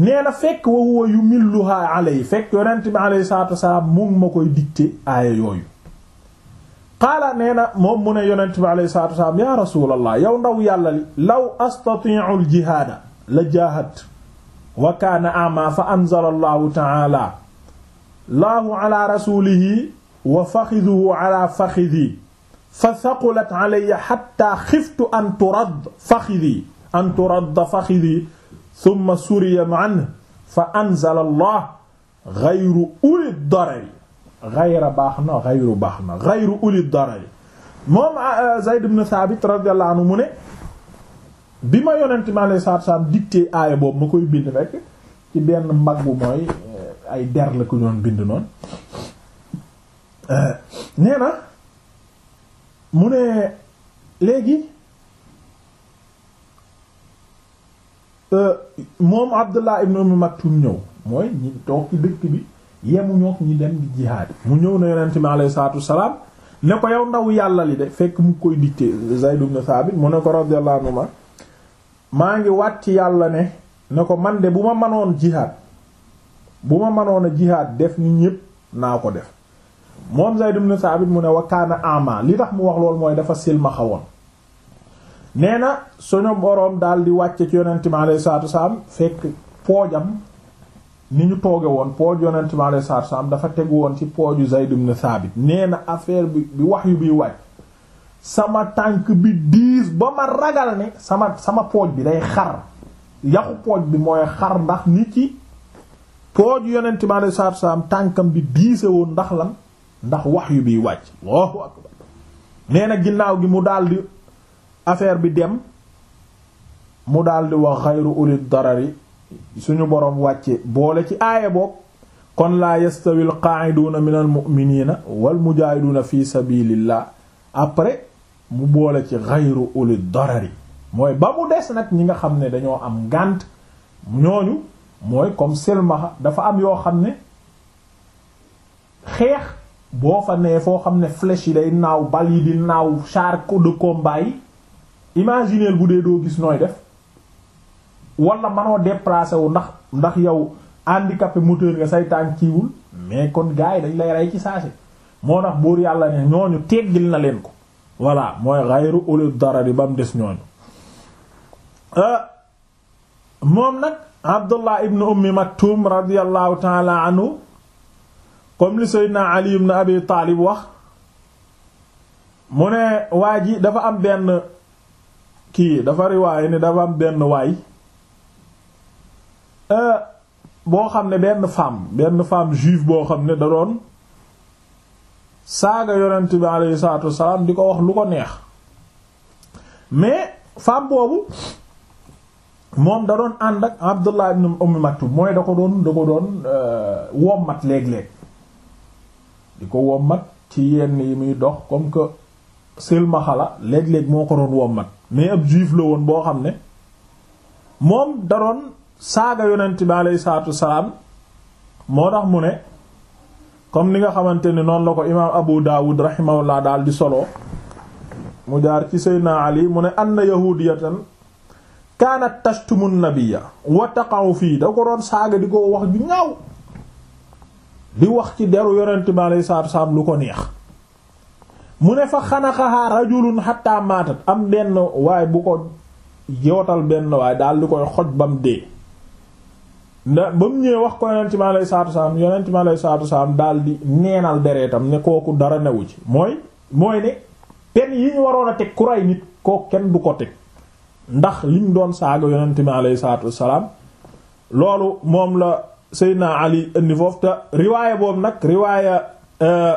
nee na fekk wa huwa yu milluhaa alay fekk yonent bi alayhi salaatu wasalaam mu ngi ma koy dicté aaya yooyu qaala nee na moom mu ne yonent bi alayhi salaatu wasalaam yaa rasuulallah yow ndaw yàlla li law astatiicu aljihaada la jaahad wa kaana ama fa anzala allahu taala laahu ala rasulihi wa faxiduhu ala faxidi fa saqulat alaya xatta xiftu an turad faxidi an turad faxidi thumma suriya anhu fa anzala allah ghayru uli darari ghayra baax na ghayru baax na ghayru uli darari moom ah, ah, Zayd ibn Thabit radiyallahu anhu mu ne bi ma yonent mi alayhi salaatu salaam dicté aaya boobu ma koy bind rek ci benn mbagg bu mooy eh, ay der la ko doon bind noonu eh, nee na mu ne léegi Euh, moom Abdullah ibn Umm Maktum ñëw mooy ñi toog ci dëkk bi yemuñoo ñi dem di jihaad mu ñëw na yonent mi alayhi salaatu wassalaam ne ko yow ndaw yàlla li de fekk mu koy dicté Zayd ibn Thabit mu ne ko radiyallahu anhu maa ngi wàcc yàlla ne ne ko man de bu ma mënoon jihaad bu ma mënoon a jihaad def ni ñépp naa ko def moom Zayd ibn Thabit mu ne wa kaana li tax mu wax loolu mooy dafa silmaxa nee na suñu boroom daal di wàcce ci yonent mi alayhi salaatu wasalaam fekk poojam ni ñu tooge woon pooj yonent mi alayhi salaatu wasalaam dafa tegu woon ci pooju Zayd ibn Thabit nee na affaire bi bi wax yu biy wàcc sama tànk bi diis ba ma ne sama sama pooj bi day xar yaxu bi mooy xar ndax ni ci pooj yonent mi alayhi tànkam bi diise woon ndax lan ndax wax yu biy wàcc Allahu ginnaaw gi mu daldi affaire bi dem mu daldi wax xayru ulil darari suñu boroom wàcce boole ci aaya boobu kon laa yastawi al qaa'iduuna min al mu'miniina wal mujaahiduuna fi sabilillah après mu boole ci xayru ulil mooy ba mu des nag ñi nga xam ne dañoo am ngànt ñooñu mooy comme silmaxa dafa am yoo xam ne xeex boo fa nee foo xam ne flèche yi day naaw bal yi di naaw char de combat imagineel bu dee doo gis nooy def wala manoo déplacé wu ndax ndax yow handicapé moteur nga say kiiwul mais kon gars yi dañ lay rey ci saasi moo tax buur yàlla ne ñooñu teggil na leen ko voilà mooy xayru ulul darari ba mu des ñooñu euh, moom nag abdullah ibn ummi maktum radiallahu taala anhu comme li seydna ali ibn abi taalib wax mu ne waa ji dafa am benn kii dafa riwaaye ni dafa am benn waay euh, boo xam ne benn femme benn femme juive boo xam ne da doon saaga yonent bi alayhi salaatu wasalaam di ko wax lu ko neex mais femme boobu moom da doon ànd ak Abdullah ibn Umm Maktum mooy da ko doon da ko doon euh, wommat léeg-léeg di ko wommat ci yenn yi muy dox comme que silmaxala léeg-léeg moo ko doon wommat mais ab juif la woon boo xam ne moom daroon saaga yonent bi aleyhi salaatu salaam moo tax mu ne comme ni nga xamante ne noonu la ko imaam Abu Dawud rahimahullah daal di solo mu jaar ci Seydina Ali mu ne anna yahudiyatan kaanat tashtumu nabiyya wa taqa'u fii da ko doon saaga di ko wax ju ñaaw di wax ci deru yonent bi aleyhi salaatu salaam lu ko neex mu ne fa xanaxahaa rajulun xatta maatat am benn waaye bu ko yootal benn waaye daal di koy xoj bam dee ndax ba mu ñëwee wax ko yonent mi alayhi salaatu salaam yonent mi alayhi salaatu salaam dara newu ci mooy mooy ne yi waroon a teg ku rey kenn du ko teg liñ doon saaga yonent mi alayhi salaatu loolu moom la Seydina Ali indi foofu te riwaaya boobu nag riwaaya euh,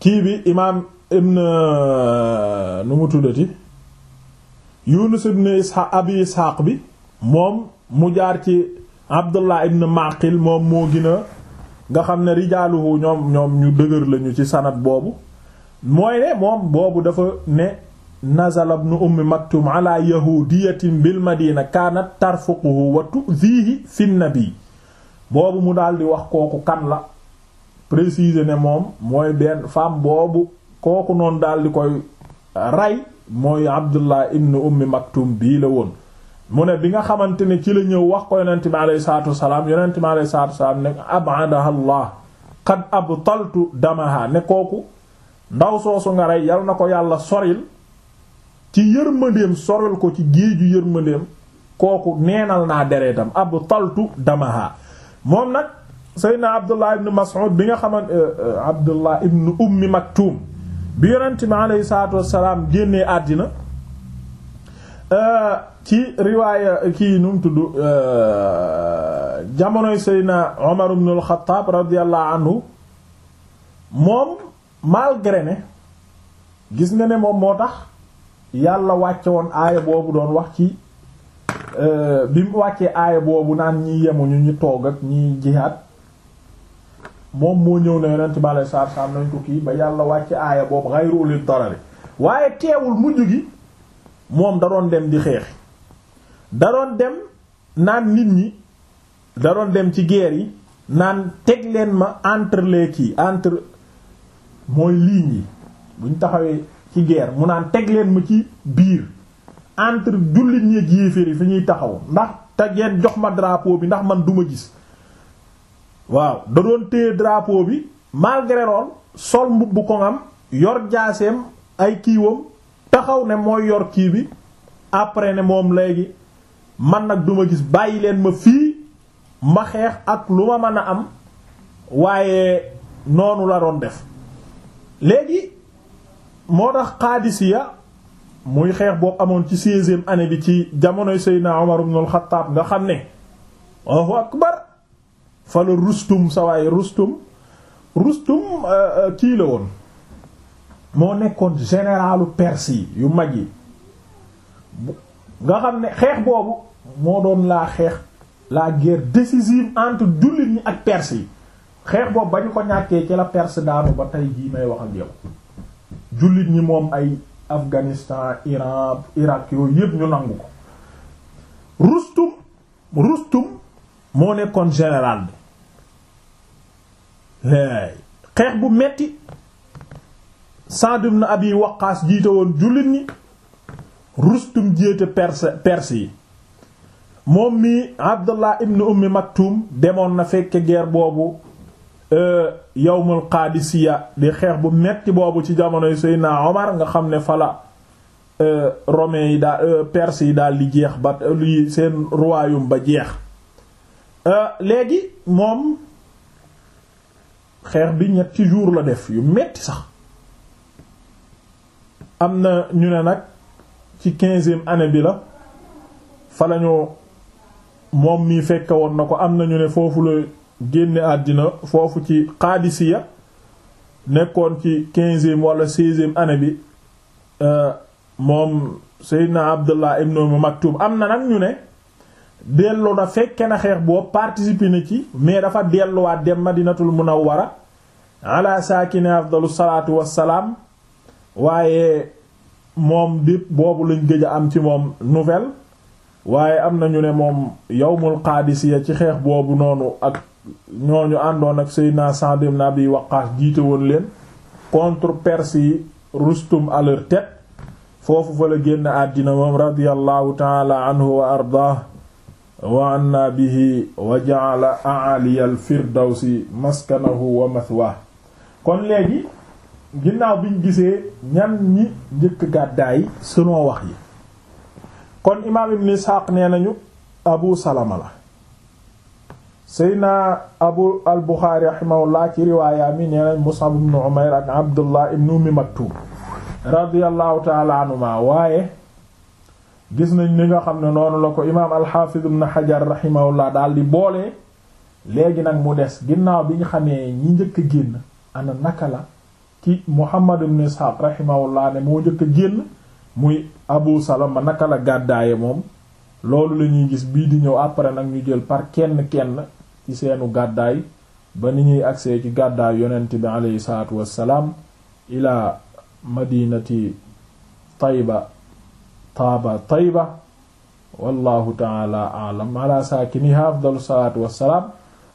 kii bi imaam ibn euh, nu mu tuddati Yunus ibn Ishaq abi Ishaq bi moom mu jaar ci Abdullah ibn Maqil moom moo gën nga xam ne rijaaluhu ñoom ñoom ñu dëgër lañu ci sanat boobu mooy ne moom boobu dafa ne nazala ibn ummi maktum ala yahudiyatin bil madina kaanat tarfuquhu wa tu'dhihi fi nabi boobu mu daal di wax kooku kan la préciser ne moom mooy benn femme boobu kooku noonu daal di koy rey mooy abdullah ibn ummi maktum bii la woon mu ne bi nga xamante ne ci la ñëw wax ko yonente bi alayhi salaatu wasalaam yonente bi alayhi salaatu wasalaam ne abadaha llah qad abtaltu damaha ne kooku ndaw soosu nga rey yal na ko yàlla soril ci yërmandeem soril ko ci géeju yërmandeem kooku neenal naa dereetam abtaltu damaha moom nag seydna abdullah ibn mas'ud bi nga xamante eh, eh, abdullah ibn ummi maktum bi yonent bi aleyhi salaatu wassalaam génnee àddina euh, ci riwaaya kii nu mu tudd euh, jamonoy Seydina Omar ibn al-Khattab anhu moom malgré ne gis nga ne moom moo tax yàlla wàcce woon aaya boobu doon wax ci euh, bi mu wàccee aaya boobu naan ñi yemuñu ñu toog ak ñi jihaat moom moo ñëw ne yonent bi alei saatu salaam nañ ko kii ba yàlla wàcc aaya boobu xayru ulil darari waaye teewul mujj gi moom da doon dem di xeex da doon dem naan nit ñi da doon dem ci guerre yi naan teg leen ma entre les kii entre mooy lignes yi buñ taxawee ci guerre mu naan teg leen ma ci biir entre jullit ñi ak yéeféer yi fi ñuy taxaw ndax te ngeen jox ma drapeau bi ndax man duma gis waaw da doon téye drapeau bi malgré lool sol mbubbu ko am yor jaaseem ay kiiwam taxaw ne mooy yor kii bi après ne moom léegi man nag duma gis bàyyi leen ma fii ma xeex ak lu ma mën a am waaye noonu la doon def léegi moo tax Qadisiya muy xeex boo amoon ci seizième année bi ci jamonoy Seydina Omar ibn al-Khattab nga xam ne Allahu akbar fa la rustum sa waay rustum rustum euh, euh, kii la woon moo nekkoon généralu perse yu mag yi nga xam ne xeex boobu moo doon laa xeex la guerre décisive entre jullit ñi ak perse yi xeex boobu ba ñu ko ñàkkee ci la perse daanu ba tey jii may wax ak yow jullit ñi moom ay Afghanistan Iran Irak yooyu yëpp ñu nangu ko Rustum Rustum moo nekkoon général xeex bu metti na ibn Abi Waqqas jiite woon jullit ñi Rustum jiite perse perse yi moom mi Abdullah ibn Ummi Maktum demoon na fekke guerre boobu euh, yawmul Qadisiyya di xeex bu metti boobu ci jamonoy Seydina Omar nga xam ne fala euh, romains yi daal euh, perse yi daal di jeex ba li seen royaume ba jeex léegi moom xeex bi ñetti jours la def yu metti sax am na ñu ne nag ci quinzième année bi la fa lañu moom mii fekk woon na ko am na ñu ne foofu la génne àddina foofu ci Qadisiya nekkoon ci quinzième wala seizième année bi euh, moom Seydina Abdullah ibn Maktum am na nag ñu ne dellu na fekke na xeex boobu participer na ci mais dafa delluwaat dem madinatul munawwara ala saakini afdalu salaatu wassalaam waaye moom di boobu lañ gëj am ci moom nouvelle waaye am na ñu ne moom yawmul qaadisiya ci xeex boobu noonu ak ñooñu àndoon ak Seydina Sa'd ibn Abi Waqqas jiite woon leen contre Perse yi Rustum à foofu fa la génn àddina moom radiyallahu ta'ala anhu wa ardaah wa anna bihi wa ja'ala a'ali al-firdawsi maskanahu wa mathwah kon léegi ginnaaw biñ gisee ñan ñi njëkk gàddaay sunoo wax yi kon imaam ibn Isxaaq nee nañu abu salama la seydna abu al Buxaari rahimahullah ci riwaaya mi nee nañ Mus'ab ibn Umayr ak Abdullah ibn Ummi Maktum radiyallahu ta'ala waaye gis nañ li nga xam ne noonu la ko imaam alxaafiz ibn xajar rahimahullah daal di boole léegi nag mu des ginnaaw bi ñu xamee ñi njëkk a génn naka la ki muhammad ibn isxaaq rahimahullah ne moo njëkk a génn muy abu salama naka la gàddaaye moom loolu la ñuy gis bii di ñëw après nag ñu jël par kenn kenn ci seenu gàddaay ba ni ñuy agsee ci gàddaay yonent bi aleyhi salaatu wassalaam ilaa madinati tayba taaba tayba wallahu taala alam ala saakiniha afdalu salaatu wassalaam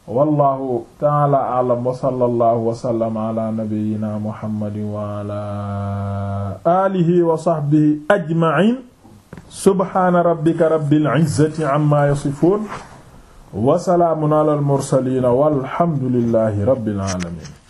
wallahu taala alam wa sallallahu wa sallama ala nabiyyina muhammadin wa ala alihi wa sahbihi ajma'in subhana rabbika rabbil izzati amma yasifun wa salaamun ala al mursalin walhamdulillahi rabbil alamin